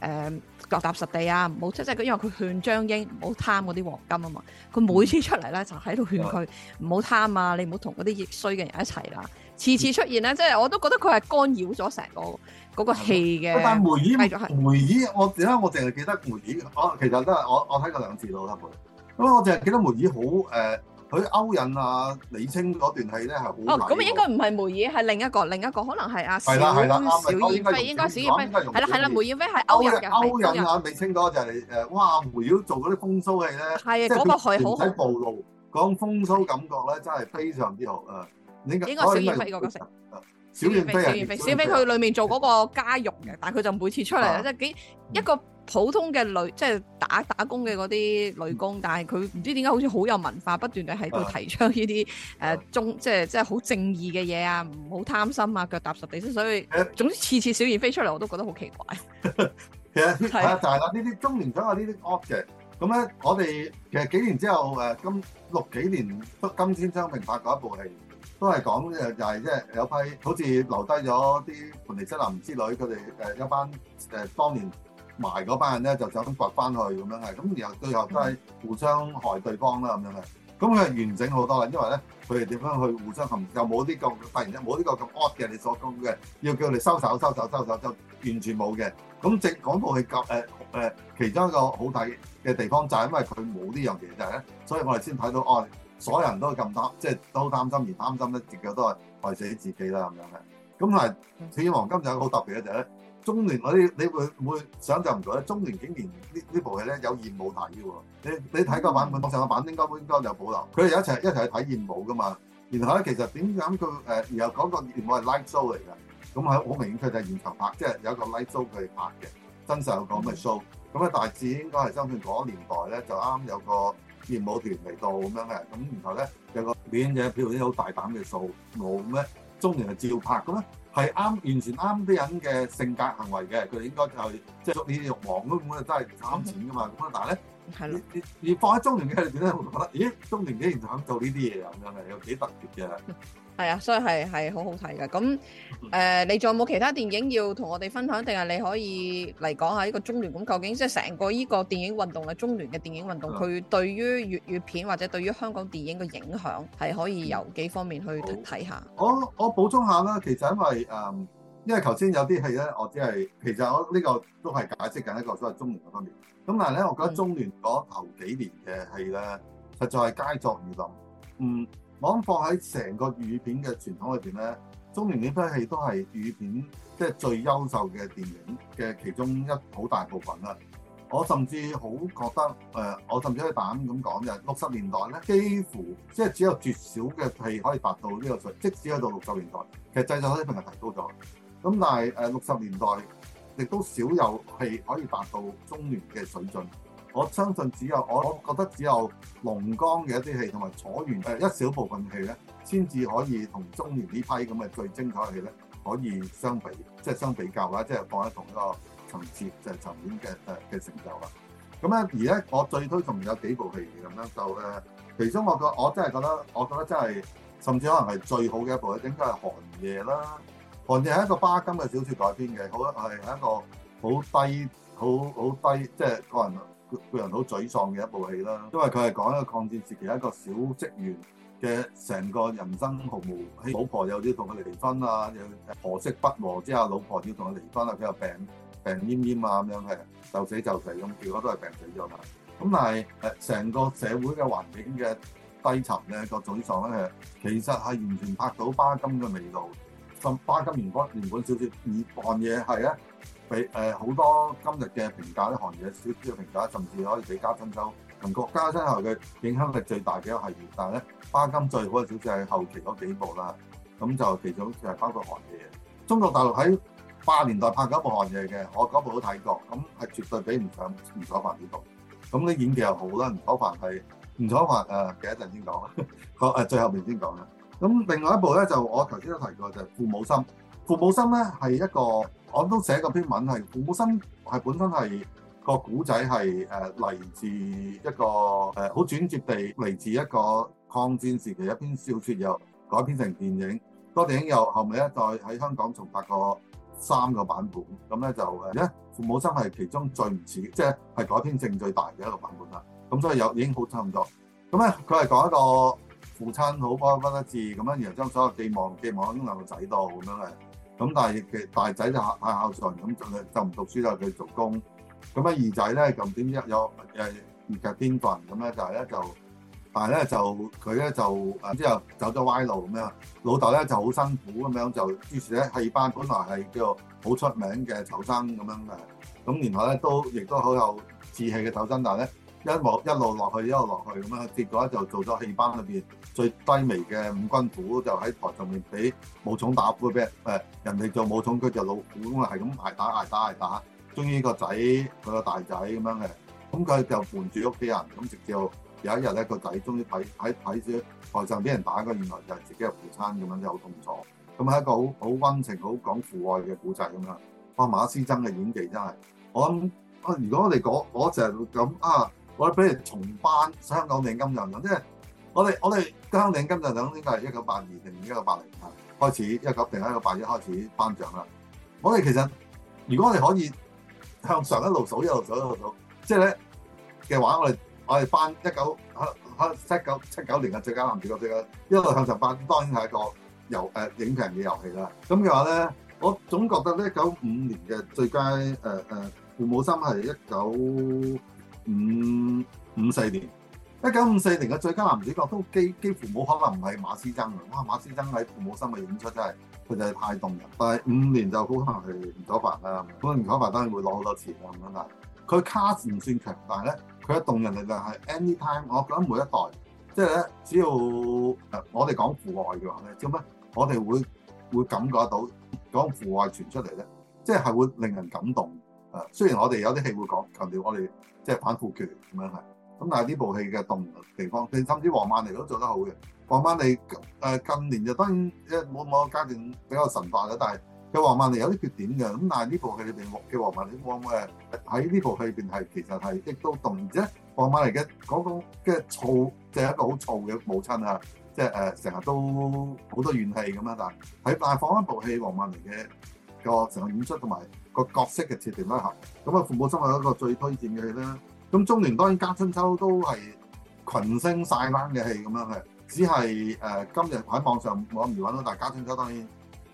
誒腳踏實地啊，唔好即係因為佢勸張英唔好貪嗰啲黃金啊嘛。佢每次出嚟咧就喺度勸佢唔好貪啊，你唔好同嗰啲衰嘅人一齊啦。次次出現咧，即係我都覺得佢係干擾咗成個嗰個戲嘅。嗯，但梅姨，梅姨，我點解我淨係記得梅姨？我其實都係我我睇過兩次《老太婆》，咁我淨係記得梅姨好誒。呃佢勾引啊李清嗰段戲咧係好哦，咁啊應該唔係梅綺，係另一個，另一個可能係阿小小燕飛，應該小燕飛，係啦係啦，梅綺係勾引人，勾引啊李清嗰就係誒，哇梅綺做嗰啲風騷戲咧，係啊，嗰個佢好唔使暴露，講風騷感覺咧真係非常之好啊！應該小燕飛嗰個角色，小燕飛小燕飛小飛佢裏面做嗰個家傭嘅，但係佢就每次出嚟咧，即係幾一個。普通嘅女，即係打打工嘅嗰啲女工，嗯、但係佢唔知點解好似好有文化，不斷地喺度提倡呢啲誒中，即係即係好正義嘅嘢啊，唔好貪心啊，腳踏實地先。所以總之次次小燕飛出嚟，我都覺得好奇怪。係啊，係啊，但係呢啲中年咁啊，呢啲 object 咁咧，我哋其實幾年之後誒、啊，今六幾年，北金先生拍過一部戲，都係講誒，就係即係有批好似留低咗啲盤尼西林之類，佢哋誒一班誒、啊、當年。埋嗰班人咧就走，咁掘翻去咁樣嘅，咁然後最後都係互相害對方啦咁樣嘅。咁佢係完整好多啦，因為咧佢哋點樣去互相含，又冇啲咁突然間冇呢個咁 h o 嘅你所講嘅，要叫你收手收手收手就完全冇嘅。咁正嗰到戲夠誒誒，其中一個好睇嘅地方就係、是、因為佢冇呢樣嘢就係咧，所以我哋先睇到哦、哎，所有人都咁貪即係都好貪心而貪心咧，結果都係害死自己啦咁樣嘅。咁同埋《死黃金》嗯、今就有好特別嘅就係咧。中聯嗰啲，你會會想像唔到咧。中聯竟然呢呢部戲咧有艷舞睇喎。你你睇個版本，我上個版本應該應該有保留。佢哋一齊一齊去睇艷舞噶嘛。然後咧，其實點樣佢誒，然後嗰個艷舞係 live show 嚟嘅。咁喺好明顯佢就係現場拍，即係有一個 live show 佢哋拍嘅真實有講嘅 show、嗯。咁啊，大致應該係相信嗰年代咧，就啱有個艷舞團嚟到咁樣嘅。咁然後咧有個片嘅，譬如啲好大膽嘅數舞咩？中聯係照拍嘅咩？係啱，完全啱啲人嘅性格行為嘅，佢哋應該就即係捉啲欲望咁樣，根本就真係貪錢㗎嘛，咁啊、嗯！但係咧。係咯，你放喺中聯嘅裏面呢，我覺得，咦，中聯竟然就肯做呢啲嘢咁樣，係有幾特別嘅。係啊，所以係係好好睇㗎。咁誒、呃，你仲有冇其他電影要同我哋分享，定係你可以嚟講下呢個中聯，咁究竟即係成個呢個電影運動嘅中聯嘅電影運動，佢對於粵語片或者對於香港電影嘅影響，係可以由幾方面去睇下。嗯、我我補充一下啦，其實因為誒、嗯，因為頭先有啲係咧，我只係其實我呢個都係解釋緊一個所謂中聯嘅方面。咁但係咧，我覺得中聯嗰頭幾年嘅戲咧，實在係佳作如林。嗯，我諗放喺成個粵語片嘅傳統裏面咧，中聯呢批戲都係粵語片即係最優秀嘅電影嘅其中一好大部分啦。我甚至好覺得、呃、我甚至可以膽咁講嘅，六十年代咧，幾乎即係只有絕少嘅戲可以達到呢個水平。即使喺到六十年代，其實製作水平係提高咗。咁但係誒，六、呃、十年代。亦都少有戲可以達到中聯嘅水準，我相信只有，我覺得只有龍江嘅一啲戲同埋楚原誒一小部分戲咧，先至可以同中聯呢批咁嘅最精彩嘅戲咧可以相比，即係相比較啦，即係放喺同一個層次即係層面嘅誒嘅成就啦。咁咧，而咧，我最推崇有幾部戲咁樣，就誒其中我個，我真係覺得，我覺得真係甚至可能係最好嘅一部咧，應該係寒夜啦。《寒夜》係一個巴金嘅小説改編嘅，好係係一個好低、好好低，即係個人個人好沮喪嘅一部戲啦。因為佢係講一個抗戰時期一個小職員嘅成個人生毫無，老婆又要同佢離婚啊，又婆媳不和之後，老婆要同佢離婚啊，佢又病病奄奄啊，咁樣係就死就死咁，結果都係病死咗啦。咁但係誒，成個社會嘅環境嘅低沉咧，個沮喪咧，其實係完全拍到巴金嘅味道。巴金原版原本小說，而寒夜係咧，俾誒好多今日嘅評價咧，寒夜小小嘅評價，甚至可以俾加分收。同國家級台嘅影響力最大嘅一個系列，但係咧，巴金最好嘅小說係後期嗰幾部啦。咁就其實好似係包括寒夜。中國大陸喺八十年代拍緊部寒夜嘅，我嗰部都睇過，咁係絕對比唔上吳楚帆呢部。咁啲演技又好啦，吳楚帆係吳楚帆，誒，幾多陣先講，講誒、啊啊啊、最後面先講啦。咁另外一部咧就我頭先都提過就係《父母心》，《父母心》咧係一個我都寫過篇文，係《父母心》係本身係個古仔係誒嚟自一個誒好、呃、轉折地嚟自一個抗戰時期一篇小説，又改編成電影，個電影又後尾咧再喺香港重拍過三個版本，咁咧就誒、呃，《父母心》係其中最唔似，即係係改編性最大嘅一個版本啦。咁所以有已經好差唔多。咁咧佢係講一個。父親好，不得不得志咁樣，然後將所有寄望寄望喺兩個仔度咁樣嘅，咁但係大仔就太孝順，咁就就唔讀書就佢做工。咁咧二仔咧，就點知有唔入天分。咁咧，就咧就，但係咧就佢咧就之後走咗歪路咁樣。老豆咧就好辛苦咁樣，就於是咧戲班本來係叫做好出名嘅丑生咁樣嘅，咁然後咧都亦都好有志氣嘅丑生，但係咧。一路一路落去，一路落去咁樣，結果就做咗戲班裏邊最低微嘅五軍虎，就喺台上面俾武松打虎嘅。誒，人哋做武松佢就老虎，咁啊係咁挨打挨打挨打。終於個仔佢個大仔咁樣嘅，咁佢就瞞住屋企人咁，直至有一日咧，個仔終於睇睇睇住台上俾人打嘅，原來就係自己嘅父親咁樣，真係好痛楚。咁係一個好好温情、好講父愛嘅古仔咁樣。阿、啊、馬師曾嘅演技真係，我諗啊，如果我哋嗰嗰隻咁啊～我哋譬如重頒香港影金就咁，即係我哋我哋香港影金就咁，應該係一九八二定一九八零啊開始，一九定一九八一開始頒獎啦。我哋其實如果我哋可以向上一路數，一路數一路數，即係咧嘅話，我哋我哋頒一九七九七九年嘅最佳男主角，最佳一路向上頒，當然係一個遊誒、呃、影評嘅遊戲啦。咁嘅話咧，我總覺得一九五年嘅最佳誒誒父母心係一九。五五四年，一九五四年嘅最佳男主角都基幾，幾乎冇可能唔係馬師曾啊！哇，馬師曾喺父母心嘅演出真係，佢就係太動人了。但係五年就好可能係吳楚帆啦，咁年吳楚帆當然會攞好多錢啦咁樣啊！佢卡唔算強，但係咧，佢嘅動人力量就係 anytime。我覺得每一代，即係咧，只要啊，我哋講父愛嘅話咧，做咩，我哋會會感覺到講父愛傳出嚟咧，即係係會令人感動。雖然我哋有啲戲會講，強調我哋即係反腐權咁樣係，咁但係呢部戲嘅動嘅地方，甚至黃曼梨都做得好嘅。黃曼梨近年就當然即係冇某個階段比較神化啦，但係嘅黃曼梨有啲缺點嘅，咁但係呢部戲裏面，嘅黃曼梨，喺呢部戲裏邊係其實係亦都動嘅，而且黃曼梨嘅嗰、嗰個嘅燥、嗰個，就係、係、一個好燥嘅母親啊，即係成日都好多怨氣咁樣，但係喺但係放一部戲，黃曼梨嘅個成個演出同埋，個角色嘅設定啦，咁啊，父母心係一個最推薦嘅戲啦。咁中聯當然家春秋都係群星晒冷嘅戲咁樣嘅，只係誒、呃、今日喺網上我唔揾到，但家春秋當然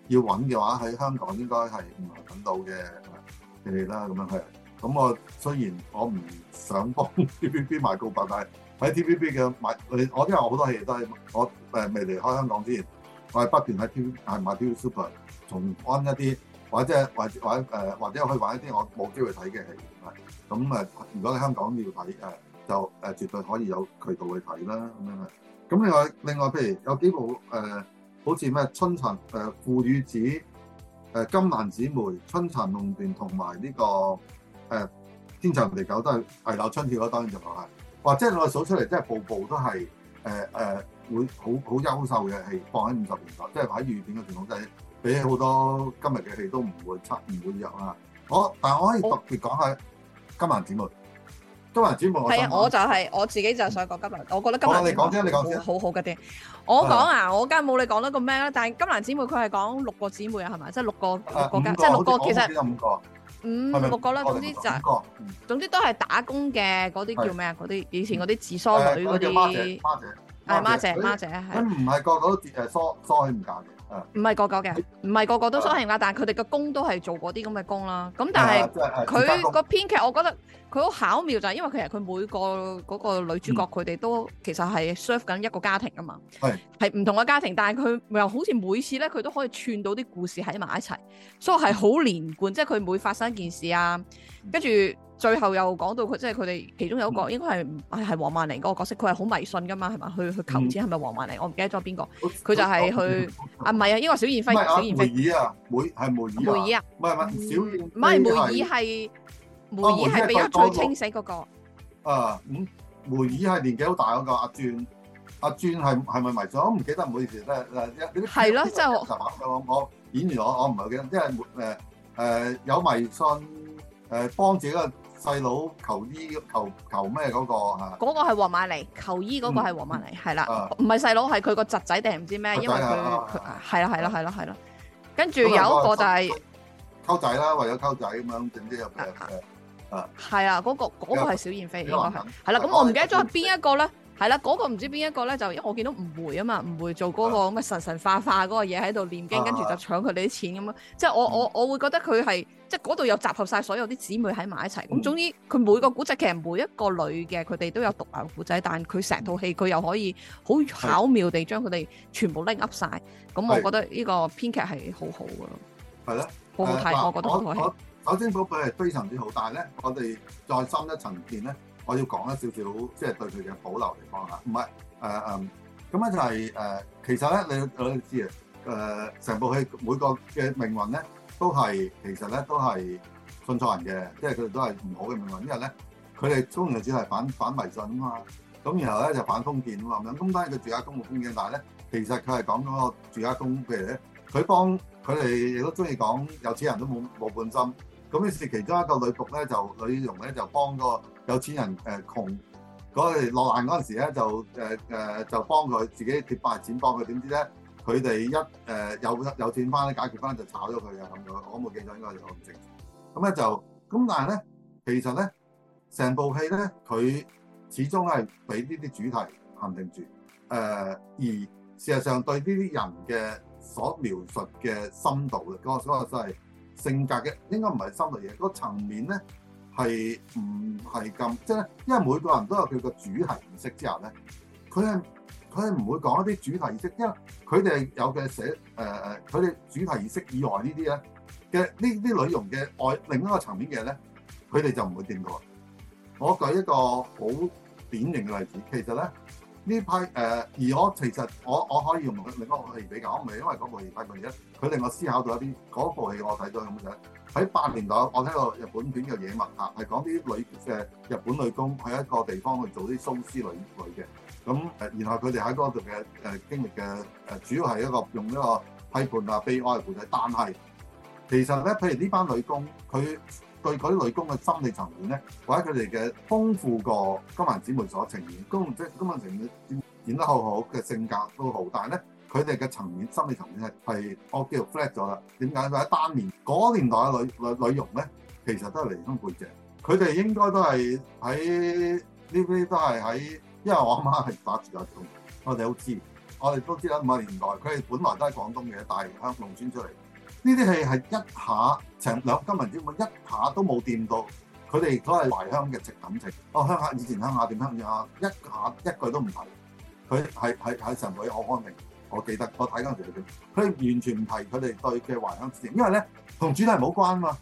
要揾嘅話喺香港應該係唔難揾到嘅，係啦咁樣嘅。咁我雖然我唔想幫 T V B 賣告白，但喺 T V B 嘅買，我因為我好多戲都係我誒未離開香港之前，我係不斷喺 T V B 係買 T V Super 重溫一啲。或者係玩，或者誒，或者可以玩一啲我冇機會睇嘅戲啊！咁啊，如果喺香港要睇誒，就誒絕對可以有渠道去睇啦咁樣。咁另外，另外譬如有幾部誒、呃，好似咩《春蠶》誒、呃《父與子》誒、呃《金蘭姊妹》《春殘夢斷》同埋呢個誒、呃《天長地久是》是，都係係危樓春曉當然就話係，或者我數出嚟，即係部部都係誒誒會好好優秀嘅戲，放喺五十年代，即係喺粵片嘅傳統都係。俾好多今日嘅戲都唔會出唔會入啦、啊。我、哦、但我可以特別講下金蘭姊妹。金蘭姊妹，係啊，我就係、係、我自己就想講金蘭。我覺得金蘭姊妹、哦。你講先，你講先。好好嘅啲，我講啊，我梗係冇你講得咁咩啦。但係金蘭姊妹佢係講六個姊妹啊，係咪？即係六個國家，即係六個。其實五個。六個其實五個啦、嗯，總之就係總，之就係、總之都係打工嘅嗰啲叫咩啊？嗰啲以前嗰啲自梳女嗰、嗯、啲。媽姐，姐，媽姐，係姐，媽姐。唔係個個自梳唔嫁嘅。唔係個個嘅，唔係個個都相認啦，但係佢哋嘅工都係做嗰啲咁嘅工啦。咁但係佢個編劇，我覺得佢好巧妙就係、是、因為其實佢每個嗰個女主角佢哋都其實係 serve 緊一個家庭㗎嘛，係、嗯、唔同嘅家庭，但係佢又好似每次咧佢都可以串到啲故事喺埋一齊，所以係好連貫，即係佢每發生一件事啊，跟住。最後又講到佢，即係佢哋其中有一個應該係係黃曼梨嗰個角色，佢係好迷信㗎嘛，係咪？去去求錢係咪黃曼梨？我唔記得咗邊個，佢就係去啊，唔係啊，呢個小燕飛，小燕飛啊，梅姨啊，梅係梅姨啊，唔係唔係小，唔係梅姨係梅姨係俾佢去清洗嗰個啊，嗯，梅姨係年紀好大嗰個阿鑽，阿鑽係係咪迷信？我唔記得，唔好意思咧，嗱，呢啲係咯，即係我白講講演員，我我唔係幾記得，因為誒誒有迷信誒幫自己個。細佬求醫，求求咩嗰、那個吓？嗰、那個係黃馬尼。求醫嗰個係黃馬尼，係、嗯、啦，唔係細佬，係佢個侄仔定係唔知咩？因為佢係啦，係啦、啊，係啦，係啦、啊啊，跟住有一個就係溝仔啦，為咗溝仔咁樣整啲入嘅，啊，係、啊、嗰、那個嗰、那個係、那個、小燕飛，應該係，係、嗯、啦，咁我唔記得咗邊一個咧，係啦，嗰個唔知邊一個咧，就因為我見到唔會啊嘛，唔會做嗰個咁嘅神神化化嗰個嘢，喺度念經，跟住就搶佢哋啲錢咁樣、啊啊，即係我、嗯、我我會覺得佢係。即係嗰度又集合晒所有啲姊妹喺埋一齊，咁總之佢每個古仔其實每一個女嘅佢哋都有獨立嘅古仔，但係佢成套戲佢又可以好巧妙地將佢哋全部拎 up 晒，咁我覺得呢個編劇係好好噶咯。係咯，好好睇，我覺得套戲。首先，這部係非常之好，但係咧，我哋再深一層見咧，我要講一少少，即係對佢嘅保留地方吓。唔係，誒、呃、誒，咁、嗯、咧就係、是、誒、呃，其實咧你你知啊，誒、呃，成部戲每個嘅命運咧。都係其實咧，都係信錯人嘅，即係佢哋都係唔好嘅命運。因為咧，佢哋當然只係反反迷信啊嘛。咁然後咧就反封建啊嘛，咁咁當然佢住家公嘅封建，但係咧，其實佢係講嗰個住家公，譬如咧，佢幫佢哋亦都中意講有錢人都冇冇本心。咁於是其中一個女僕咧，就女傭咧，就幫嗰個有錢人誒、呃、窮嗰陣、嗰個、落難嗰陣時咧就誒誒、呃、就幫佢自己貼八錢幫佢，點知咧？佢哋一誒、呃、有有錢翻咧解決翻就炒咗佢啊咁樣，我冇記錯應該係我唔清楚。咁咧就咁，但係咧其實咧成部戲咧佢始終係俾呢啲主題限定住誒、呃，而事實上對呢啲人嘅所描述嘅深度咧，嗰、那個所謂即係性格嘅，應該唔係深度嘢，那個層面咧係唔係咁即係，因為每個人都有佢個主題意識之後咧，佢係。佢係唔會講一啲主題意識，因為佢哋有嘅寫誒誒，佢、呃、哋主題意識以外呢啲咧嘅呢啲內容嘅外另一個層面嘅咧，佢哋就唔會掂到。我舉一個好典型嘅例子，其實咧呢批誒、呃、而我其實我我可以用另一部戲比較，我唔係因為嗰部戲拍過而家，佢令我思考到一啲。嗰部戲我睇咗咁滯。喺八年代我睇過日本片嘅《野蠻客》，係講啲女嘅日本女工去一個地方去做啲蘇絲女女嘅。咁，然後佢哋喺嗰度嘅誒經歷嘅誒，主要係一個用一個批判啊、悲哀嘅模式。但係其實咧，譬如呢班女工，佢對佢啲女工嘅心理層面咧，或者佢哋嘅豐富過金蘭姊妹所呈現，金即係金蘭姊妹演演得好好嘅性格都好，但係咧，佢哋嘅層面心理層面係係我叫做 flat 咗啦。點解？因為單年嗰年代嘅女女女傭咧，其實都係離婚背景，佢哋應該都係喺呢啲都係喺。因為我阿媽係打住阿東，我哋都知，我哋都知啦。五十年代佢哋本來都係廣東嘅，大鄉農村出嚟呢啲戲係一下成兩金文錦，我一下都冇掂到佢哋。都係懷鄉嘅直感情哦，鄉下以前鄉下點鄉下，下，下，一下一句都唔提。佢係喺喺神女我安寧我記得我睇嗰陣時佢佢完全唔提佢哋對嘅懷鄉之情，因為咧同主題冇關啊嘛。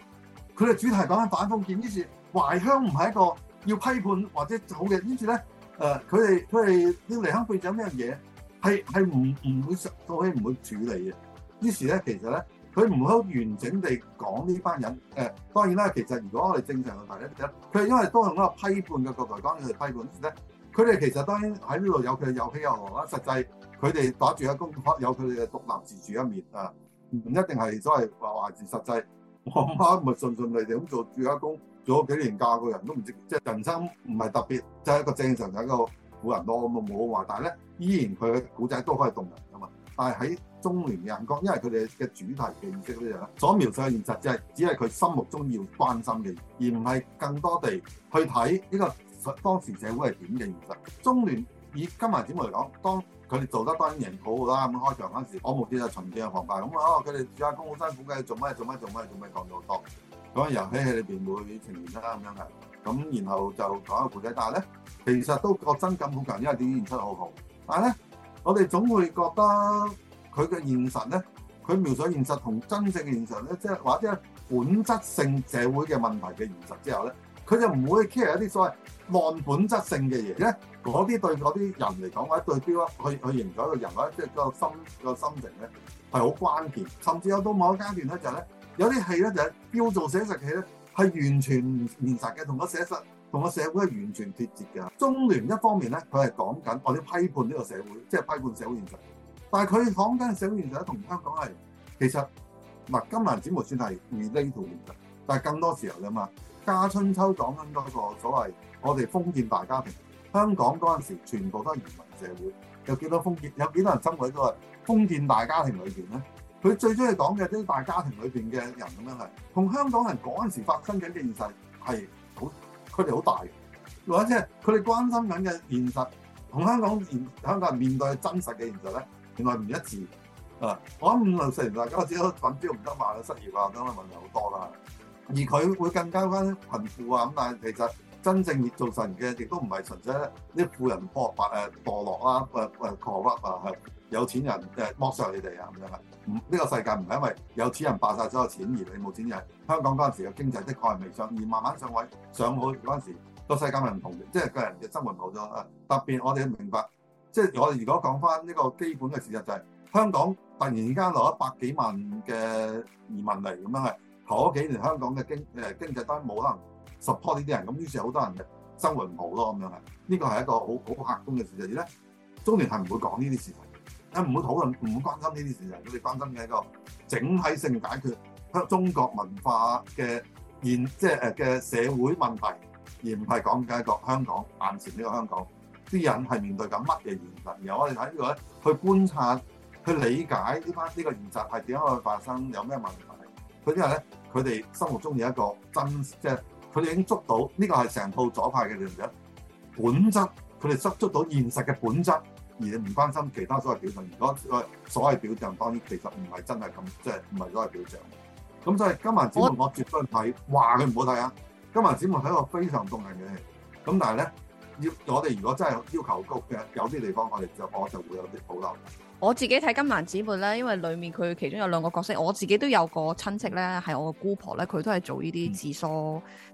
佢嘅主題講緊反封建，於是懷鄉唔係一個要批判或者好嘅，於是咧。誒佢哋佢哋啲離鄉背井咩嘢係係唔唔會受到佢唔會處理嘅，於是咧，其實咧，佢唔好完整地講呢班人誒、呃。當然啦，其實如果我哋正常去睇咧，佢因為都用嗰個批判嘅角度嚟講佢哋批判的時咧，佢哋其實當然喺呢度有佢有喜有蝸啦。實際佢哋打住一工有佢哋嘅獨立自主一面啊，唔一定係所謂話話住實際，我媽咪順順利地咁做住一工。做咗幾年嫁個人都唔知，即係人生唔係特別，就係、是、一個正常，神，一個古人咯咁啊，冇話，但係咧依然佢嘅古仔都可以動人噶嘛。但係喺中聯嘅眼光，因為佢哋嘅主題嘅意識咧，的人所描述嘅現實就係只係佢心目中要關心嘅，而唔係更多地去睇呢、這個當時社會係點嘅現實。中聯以《金蘭姊妹》嚟講，當佢哋做得當然好普啦，咁開場嗰陣時，我無非就巡視嘅房範咁啊，佢哋做住家工好辛苦嘅，做咩、做咩、做咩、做咩，講咗好多。講遊戲戲裏邊會呈現出啦咁樣嘅，咁然後就講一個故仔。但係咧，其實都個真感好強，因為電影演出好好。但係咧，我哋總會覺得佢嘅現實咧，佢描述現實同真正嘅現實咧，即係或者係本質性社會嘅問題嘅現實之後咧，佢就唔會 care 一啲所謂冇本質性嘅嘢咧。嗰啲對嗰啲人嚟講或者對邊去去形容一個人或者即係嗰個心嗰個心情咧係好關鍵。甚至有到某一階段咧就咧。有啲戲咧就係要做寫實戲咧，係完全現實嘅，同個寫實同個社會係完全脫節嘅。中聯一方面咧，佢係講緊我哋批判呢個社會，即係批判社會現實。但係佢講緊社會現實，同香港係其實嗱，今日子無算係 relate 到現實，但係更多時候㗎嘛。家春秋講緊嗰個所謂我哋封建大家庭，香港嗰陣時全部都係移民社會，有幾多封建？有幾多人生活喺個封建大家庭裏邊咧？佢最中意講嘅啲大家庭裏邊嘅人咁樣係，同香港人嗰陣時發生緊嘅現實係好距離好大。或者即係佢哋關心緊嘅現實，同香港現香港人面對真實嘅現實咧，原來唔一致。啊，我諗五六十年代嗰時都揾 job 唔得買啦，失業啊，等等問題好多啦、啊。而佢會更加翻貧富啊咁、啊，但係其實真正熱做神嘅，亦都唔係純粹啲富人破發啊墮落啦、啊，誒誒 corrupt 啊係。啊啊啊啊啊有錢人誒剝削你哋啊！咁樣啊，唔、這、呢個世界唔係因為有錢人霸晒所有錢而你冇錢人。香港嗰陣時嘅經濟的確係未上，而慢慢上位上到嗰陣時個世界係唔同嘅，即係個人嘅生活唔好咗啊。特別我哋明白，即係我哋如果講翻呢個基本嘅事實就係、是、香港突然間落咗百幾萬嘅移民嚟咁樣啊，頭嗰幾年香港嘅經誒經濟都冇可能 support 呢啲人，咁於是好多人嘅生活唔好咯咁樣啊。呢個係一個好好客觀嘅事實。而咧中聯係唔會講呢啲事實。一唔好討論，唔好關心呢啲事情，佢哋關心嘅一個整體性解決香中國文化嘅現即係誒嘅社會問題，而唔係講解一個香港眼前呢個香港啲人係面對緊乜嘢現實。而我哋睇呢個咧，去觀察、去理解呢班呢個現實係點樣去發生，有咩問題。佢因為咧，佢哋心目中有一個真，即係佢哋已經捉到呢個係成套左派嘅原則、本質，佢哋執捉到現實嘅本質。而你唔關心其他所謂表象，如果所謂表象當然其實唔係真係咁，即係唔係所謂表象。咁所以今晚節目，我絕對唔係話佢唔好睇啊，今晚節目係一個非常動人嘅戲。咁但係咧。我哋如果真係要求高嘅，有啲地方我哋就我就會有啲保留。我自己睇《金蘭姊妹》咧，因為裡面佢其中有兩個角色，我自己都有個親戚咧，係我嘅姑婆咧，佢都係做呢啲自梳，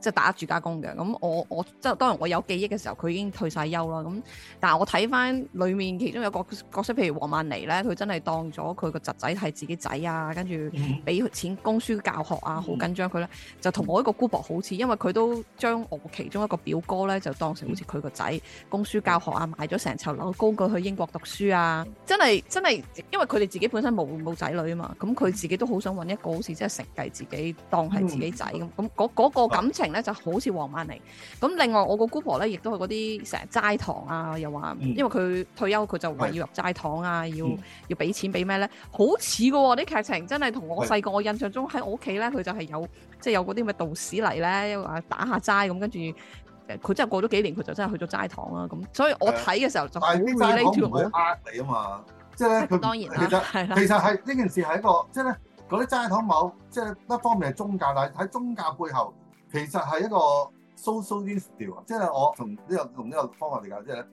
即、嗯、係、就是、打住家工嘅。咁我我即係當然我有記憶嘅時候，佢已經退晒休啦。咁但係我睇翻裡面其中有一個角色，譬如黃曼妮咧，佢真係當咗佢個侄仔係自己仔啊，跟住俾錢供書教學啊，好緊張佢咧，就同我一個姑婆好似，因為佢都將我其中一個表哥咧，就當成好似佢個仔供書教學啊，買咗成層樓，高佢去英國讀書啊，真係，真係，因為佢哋自己本身冇冇仔女啊嘛，咁佢自己都好想搵一個好似即係承繼自己，當係自己仔咁，咁嗰嗰個感情呢就好似黃曼妮。咁另外我個姑婆呢亦都係嗰啲成日齋堂啊，又話因為佢退休，佢就話要入齋堂啊，嗯、要要俾錢俾咩呢？好似嘅啲劇情，真係同我細個、嗯、我印象中喺我屋企呢，佢就係有即係、就是、有嗰啲咩道士嚟呢，又話打下齋咁，跟住。佢真係過咗幾年，佢就真係去咗齋堂啦。咁所以我睇嘅時候就齋堂唔會呃你啊嘛。即係咧，佢、就是、當然其實係呢件事係一個，即係咧嗰啲齋堂某，即、就、係、是、一方面係宗教，但係喺宗教背後其實係一個 social issue 啊。即係我從呢個同呢個方法嚟講，即係咧，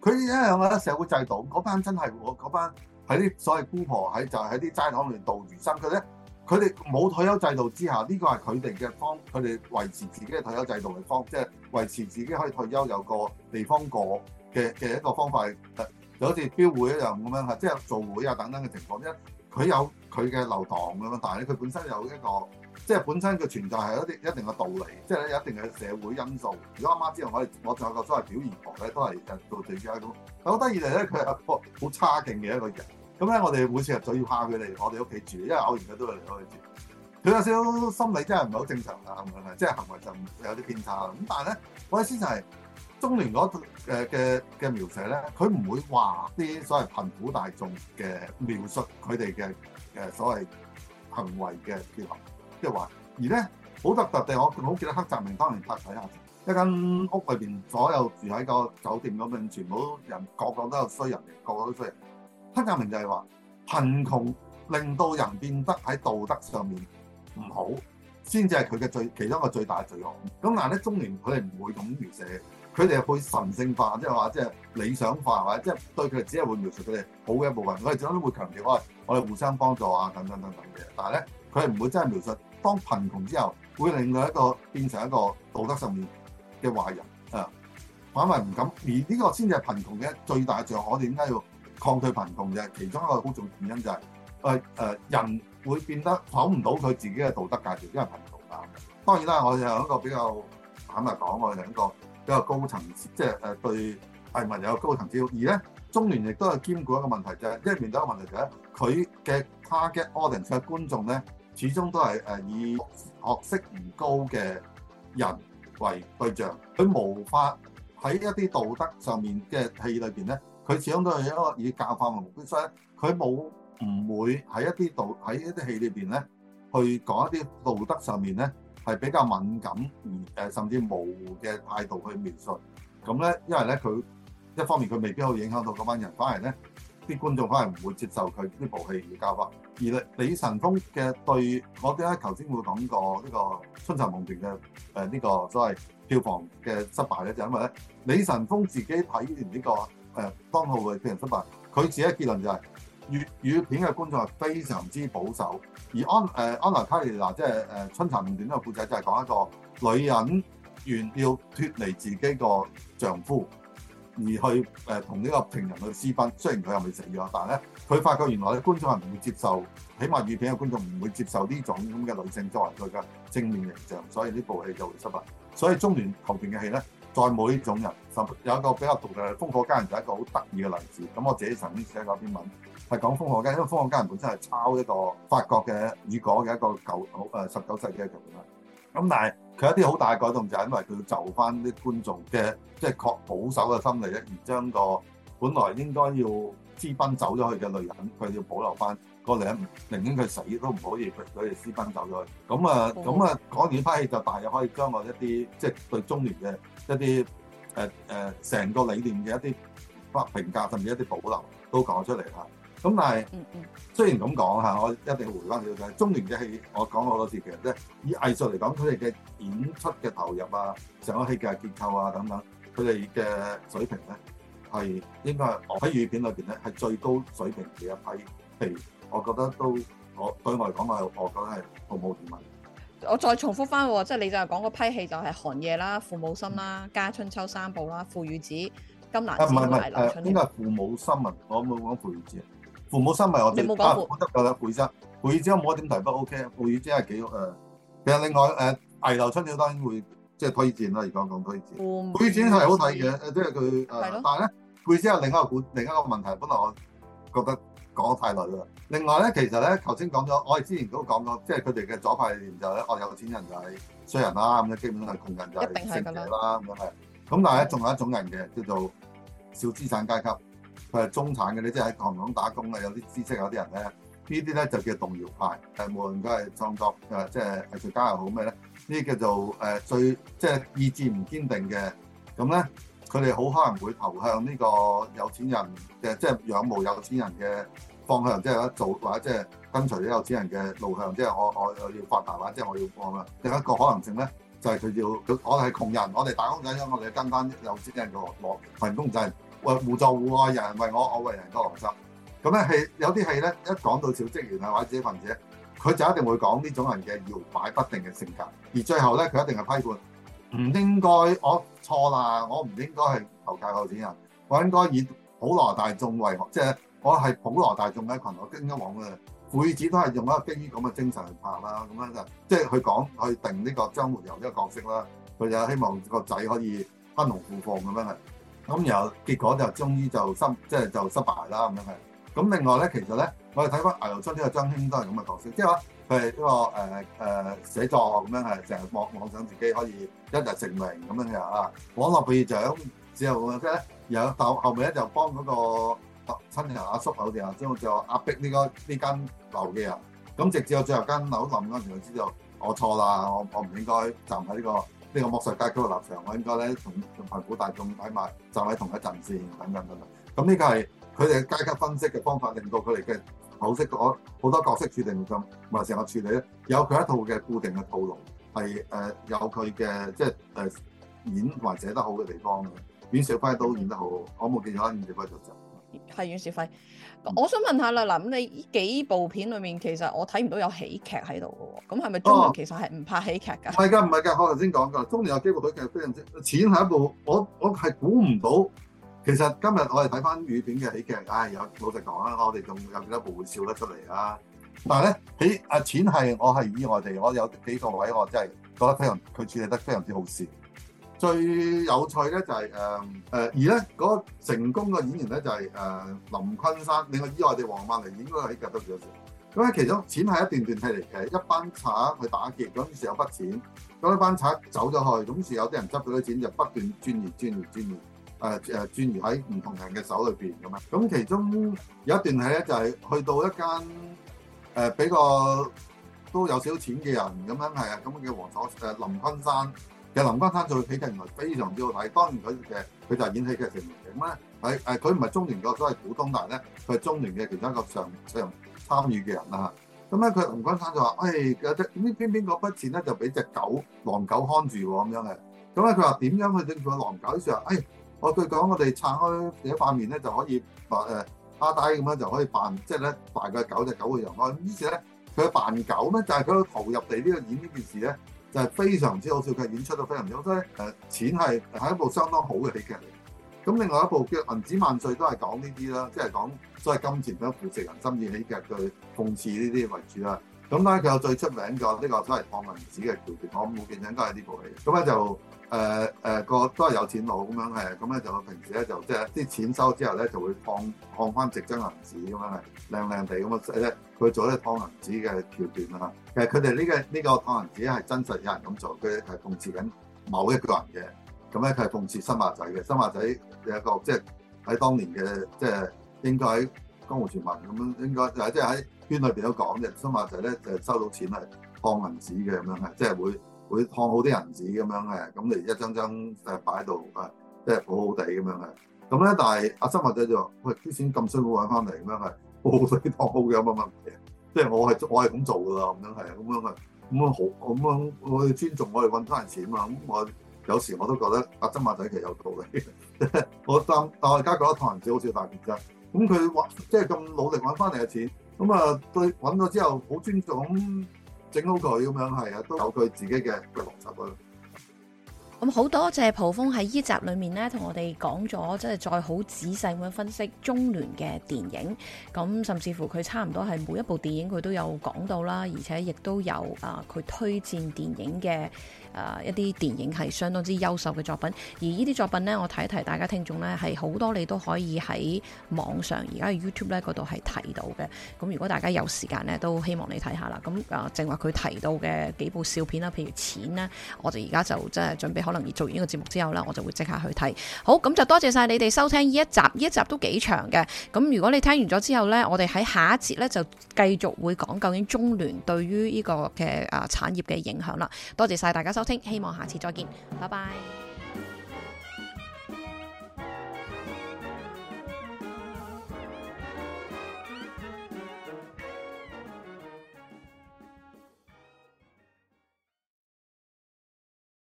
佢一樣嘅社會制度。嗰班真係我嗰班喺啲所謂姑婆喺就喺啲齋堂裏面度餘生，佢一。佢哋冇退休制度之下，呢、這個係佢哋嘅方，佢哋維持自己嘅退休制度嘅方，即係維持自己可以退休有個地方過嘅嘅一個方法，呃、就好似標會一樣咁樣即係做會啊等等嘅情況。因佢有佢嘅流堂咁樣，但係佢本身有一個，即係本身嘅存在係一一定嘅道理，即係一定嘅社會因素。如果啱啱之後我我仲有個所謂表現學咧，都係入到對家咁。好得意嚟咧，佢係一個好差勁嘅一個人。咁咧，我哋每次入咗要怕佢嚟，我哋屋企住，因為偶然佢都會離開佢住。佢有少少心理真係唔係好正常啦，係咪？即係行為就有啲偏差。咁但係咧，我意思就係中聯嗰誒嘅嘅描寫咧，佢唔會話啲所謂貧苦大眾嘅描述佢哋嘅所謂行為嘅結合，即係話。而咧好特特地，我好記得黑澤明當年拍睇下，一間屋裏面所有住喺個酒店嗰邊，全部人個個都係衰人，個個都衰人。分明就係話貧窮令到人變得喺道德上面唔好，先至係佢嘅最其中一個最大罪惡。咁但係咧，中年佢哋唔會咁描寫，佢哋係會神聖化，即係話即係理想化，或者即係對佢哋只係會描述佢哋好嘅一部分。我哋始終都會強調，我哋互相幫助啊，等等等等嘅。但係咧，佢係唔會真係描述當貧窮之後會令到一個變成一個道德上面嘅壞人啊，反為唔敢而呢個先至係貧窮嘅最大罪惡。我哋點解要？抗拒貧窮嘅其中一個好重要的原因，就係、是，誒、呃、誒人會變得走唔到佢自己嘅道德價值，因為貧窮啊。當然啦，我哋有一個比較坦白講，我係一個比較高層，即係誒對藝文有高層次。而咧，中聯亦都係兼顧一個問題，就係因為面對第一個問題就係、是，佢嘅 target audience 嘅觀眾咧，始終都係誒以學識唔高嘅人為對象，佢無法喺一啲道德上面嘅戲裏邊咧。佢始終都係一個以教化為目標，所以佢冇唔會喺一啲道喺一啲戲裏邊咧，去講一啲道德上面咧係比較敏感而誒甚至模糊嘅態度去描述。咁咧，因為咧佢一方面佢未必會影響到嗰班人，反而咧啲觀眾反而唔會接受佢呢部戲嘅教化。而李晨風嘅對我哋頭先會講過呢個呢個《春殘夢斷》嘅誒呢個所謂票房嘅失敗咧，就因為咧李晨風自己睇完呢個。誒湯姆嘅劇情失敗，佢自己嘅結論就係、是、粵語，語片嘅觀眾係非常之保守，而安誒、呃、安娜卡列娜即係誒春殘夢斷呢個故仔，就係、是呃、講一個女人願要脫離自己個丈夫，而去誒同呢個情人去私奔。雖然佢又未死咗，但係咧佢發覺原來嘅觀眾係唔會接受，起碼粵語片嘅觀眾唔會接受呢種咁嘅女性作為佢嘅正面形象，所以呢部戲就會失敗。所以中聯後面嘅戲咧。再冇呢種人，甚有一個比較獨特嘅《烽火家人》就係一個好得意嘅例子。咁我自己曾經寫過篇文，係講《烽火家人》，因為《烽火家人》本身係抄一個法國嘅雨果嘅一個舊好十九世紀嘅劇本。咁但係佢一啲好大嘅改動，就係因為佢要就翻啲觀眾嘅即係確保守嘅心理，而將個本來應該要私奔走咗去嘅女人，佢要保留翻。個兩唔寧願佢死都唔可以佢佢哋私奔走咗，咁啊咁、嗯、啊講完番戲就大約可以將我一啲即係對中聯嘅一啲誒誒成個理念嘅一啲不評價甚至一啲保留都講出嚟嚇。咁但係、嗯嗯、雖然咁講嚇，我一定回翻少少。中聯嘅戲我講好多次，其實咧以藝術嚟講，佢哋嘅演出嘅投入啊，成個戲嘅結構啊等等，佢哋嘅水平咧係應該喺粵語片裏邊咧係最高水平嘅一批戲，譬我覺得都我對我嚟講，我覺得係父母之命。我再重複翻喎，即係你就係講嗰批戲，就係寒夜啦、父母心啦、嗯、家春秋三部啦、父與子、金蘭、危、啊、樓春。邊係父母新啊？我冇講父與子。父母新咪我哋拍、啊，我覺得個啦。父與子，父與子冇一點提筆 O K。父與子係幾誒？其實另外誒、呃，危樓春曉當然會即係推薦啦。而家講推薦。父與子係好睇嘅，即係佢誒，但係咧，父與子另一個另一個問題，本來我覺得。講得太耐啦！另外咧，其實咧，頭先講咗，我哋之前都講過，即係佢哋嘅左派就咧、是，我有錢人就係衰人啦，咁樣，基本上係窮人就係聖人啦，咁樣嘅。咁但係咧，仲有一種人嘅，叫做小資產階級，佢係中產嘅咧，即係喺香港打工嘅有啲知識有啲人咧，這些呢啲咧就叫做動搖派，誒，無論佢係創作，誒，即係藝術家又好咩咧，呢啲叫做誒最即係、就是、意志唔堅定嘅，咁咧，佢哋好可能會投向呢個有錢人嘅，即係仰慕有錢人嘅。方向即係一做，或者即係跟隨啲有錢人嘅路向，即係我我我要發達啦，即係我要放啦。另一個可能性咧，就係佢要我哋係窮人，我哋打工仔，我哋跟翻有錢人嘅攞份工就係，為互助互愛，人為我，我為人多邏輯。咁咧係有啲戲咧，一講到小職員啊或者自己份者，佢就一定會講呢種人嘅搖擺不定嘅性格，而最後咧佢一定係批判唔應該，我錯啦，我唔應該係投靠有錢人，我應該以普羅大眾為即係。我係普羅大眾嘅群經的，我經一往嘅輩子都係用一個經於咁嘅精神去拍啦，咁樣就即係佢講去定呢個張活游呢個角色啦。佢就希望個仔可以攀龍附鳳咁樣係，咁然後結果就終於就失，即、就、係、是、就失敗啦咁樣係。咁另外咧，其實咧，我哋睇翻《危樓春曉》呢個張瑛都係咁嘅角色，即係話佢係一個誒誒、呃呃、寫作咁樣係，成日望妄想自己可以一日成名咁樣嘅啊，攞諾貝爾獎之後即係咧，又有後後尾咧就幫嗰、那個。親人阿叔好似啊，之後就壓迫呢、這個呢間樓嘅人。咁直至我最後間樓臨嗰陣時，我知道我錯啦，我我唔應該站喺呢、這個呢、這個剝削階級嘅立場，我應該咧同同貧苦大眾喺埋站喺同一陣線，等等等等，咁呢個係佢哋階級分析嘅方法，令到佢哋嘅剖析好多角色設定同埋成個處理咧，有佢一套嘅固定嘅套路係誒、呃、有佢嘅即係誒演或者得好嘅地方嘅阮小輝都演得好，我冇記錯啦，阮小輝就。係阮視費，我想問下啦，嗱咁你呢幾部片裏面，其實我睇唔到有喜劇喺度嘅喎，咁係咪中聯其實係唔拍喜劇㗎？係、哦、㗎，唔係㗎，我頭先講過，中聯有幾部喜劇非常之，錢係一部，我我係估唔到，其實今日我哋睇翻粵語片嘅喜劇，唉、哎，有老實講啦，我哋仲有幾多部會笑得出嚟啦、啊，但係咧喜啊錢係我係意外地，我有幾個位我真係覺得非常，佢處理得非常之好笑。最有趣咧就係誒誒，而咧、嗰個成功嘅演員咧就係、是、誒、呃、林坤山。另外之外，哋黃曼梨演嗰個喺夾多少少。咁咧其中錢係一段段戲嚟嘅，一班賊去打劫，咁時有筆錢，咁一班賊走咗去，咁時有啲人執咗啲錢，就不斷轉移轉移轉移誒誒轉移喺唔、呃、同嘅人嘅手裏邊咁啊。咁其中有一段戲咧就係、是、去到一間誒比較都有少少錢嘅人咁樣係啊，咁嘅黃左誒林坤山。其實林坤山做喜劇原來非常之好睇，當然佢嘅佢就演戲嘅成名嘅咁咧，佢唔係中聯個，所謂普通但咧，佢係中聯嘅其他一個上上，上參與嘅人啦，咁咧佢林坤山、哎、就話：，誒有隻，偏偏嗰筆錢咧就俾隻狗狼狗看住喎，咁、嗯嗯、樣嘅。咁咧佢話點樣去整住佢狼狗？於是話、哎：，我對講我哋撐第一塊面咧就可以扮誒阿呆咁樣就可以扮即係咧大嘅狗隻狗嘅人。」咁於是咧佢扮狗咩？就係、是、佢投入地呢個演呢件事咧。就係、是、非常之好笑，佢演出都非常之好。所以誒，錢係一部相當好嘅喜劇嚟。咁另外一部叫《銀紙萬歲》都係講呢啲啦，即、就、係、是、講所謂金錢想腐蝕人心嘅喜劇，去諷刺呢啲為主啦。咁咧，佢有最出名嘅呢、這個所謂放銀紙嘅橋段，我冇記準都係呢部嚟。咁咧就。誒誒個都係有錢佬咁樣誒，咁咧就平時咧就即係啲錢收之後咧就會放放返直張銀紙咁樣係靚靚地咁啊！咧佢做咧燙銀紙嘅橋段啦嚇，其實佢哋呢個呢、這個燙銀紙係真實有人咁做，佢係諷刺緊某一個人嘅，咁咧佢係諷刺新馬仔嘅。新馬仔有一個即係喺當年嘅即係應該喺江湖傳聞咁樣，應該又即係喺圈裏邊都講嘅。新馬仔咧就是、收到錢係放銀紙嘅咁樣係，即、就、係、是、會。會燙好啲銀紙咁樣嘅，咁你一張張誒擺喺度，即係好好地咁樣嘅。咁咧，但係阿曾阿仔就話喂啲、哎、錢咁辛苦搵翻嚟咁樣係、就是，好好地放好嘅有乜問題？即係我係我係咁做㗎啦，咁樣係，咁樣啊，咁樣好，咁樣我要尊重我哋搵翻人錢啊。咁我有時候我都覺得阿曾阿仔其實有道理。 我當我而家覺得唐人紙好少大競爭，咁佢揾即係咁努力搵翻嚟嘅錢，咁啊對揾咗之後好尊重咁。整好佢咁樣係啊，都有佢自己嘅嘅邏輯啊。咁好多謝蒲鋒喺呢集裏面咧，同我哋講咗，即係再好仔細咁樣分析中聯嘅電影。咁甚至乎佢差唔多係每一部電影佢都有講到啦，而且亦都有啊佢推薦電影嘅。呃、一啲電影係相當之優秀嘅作品，而呢啲作品呢，我睇一睇大家聽眾呢，係好多，你都可以喺網上而家 YouTube 呢嗰度係睇到嘅。咁如果大家有時間呢，都希望你睇下啦。咁啊、呃，正話佢提到嘅幾部笑片啦，譬如錢呢，我就而家就即係準備可能做完呢個節目之後呢，我就會即刻去睇。好，咁就多謝晒你哋收聽呢一集，呢一集都幾長嘅。咁如果你聽完咗之後呢，我哋喺下一節呢，就繼續會講究竟中聯對於呢個嘅啊產業嘅影響啦。多謝晒大家收。希望下次再見，拜拜。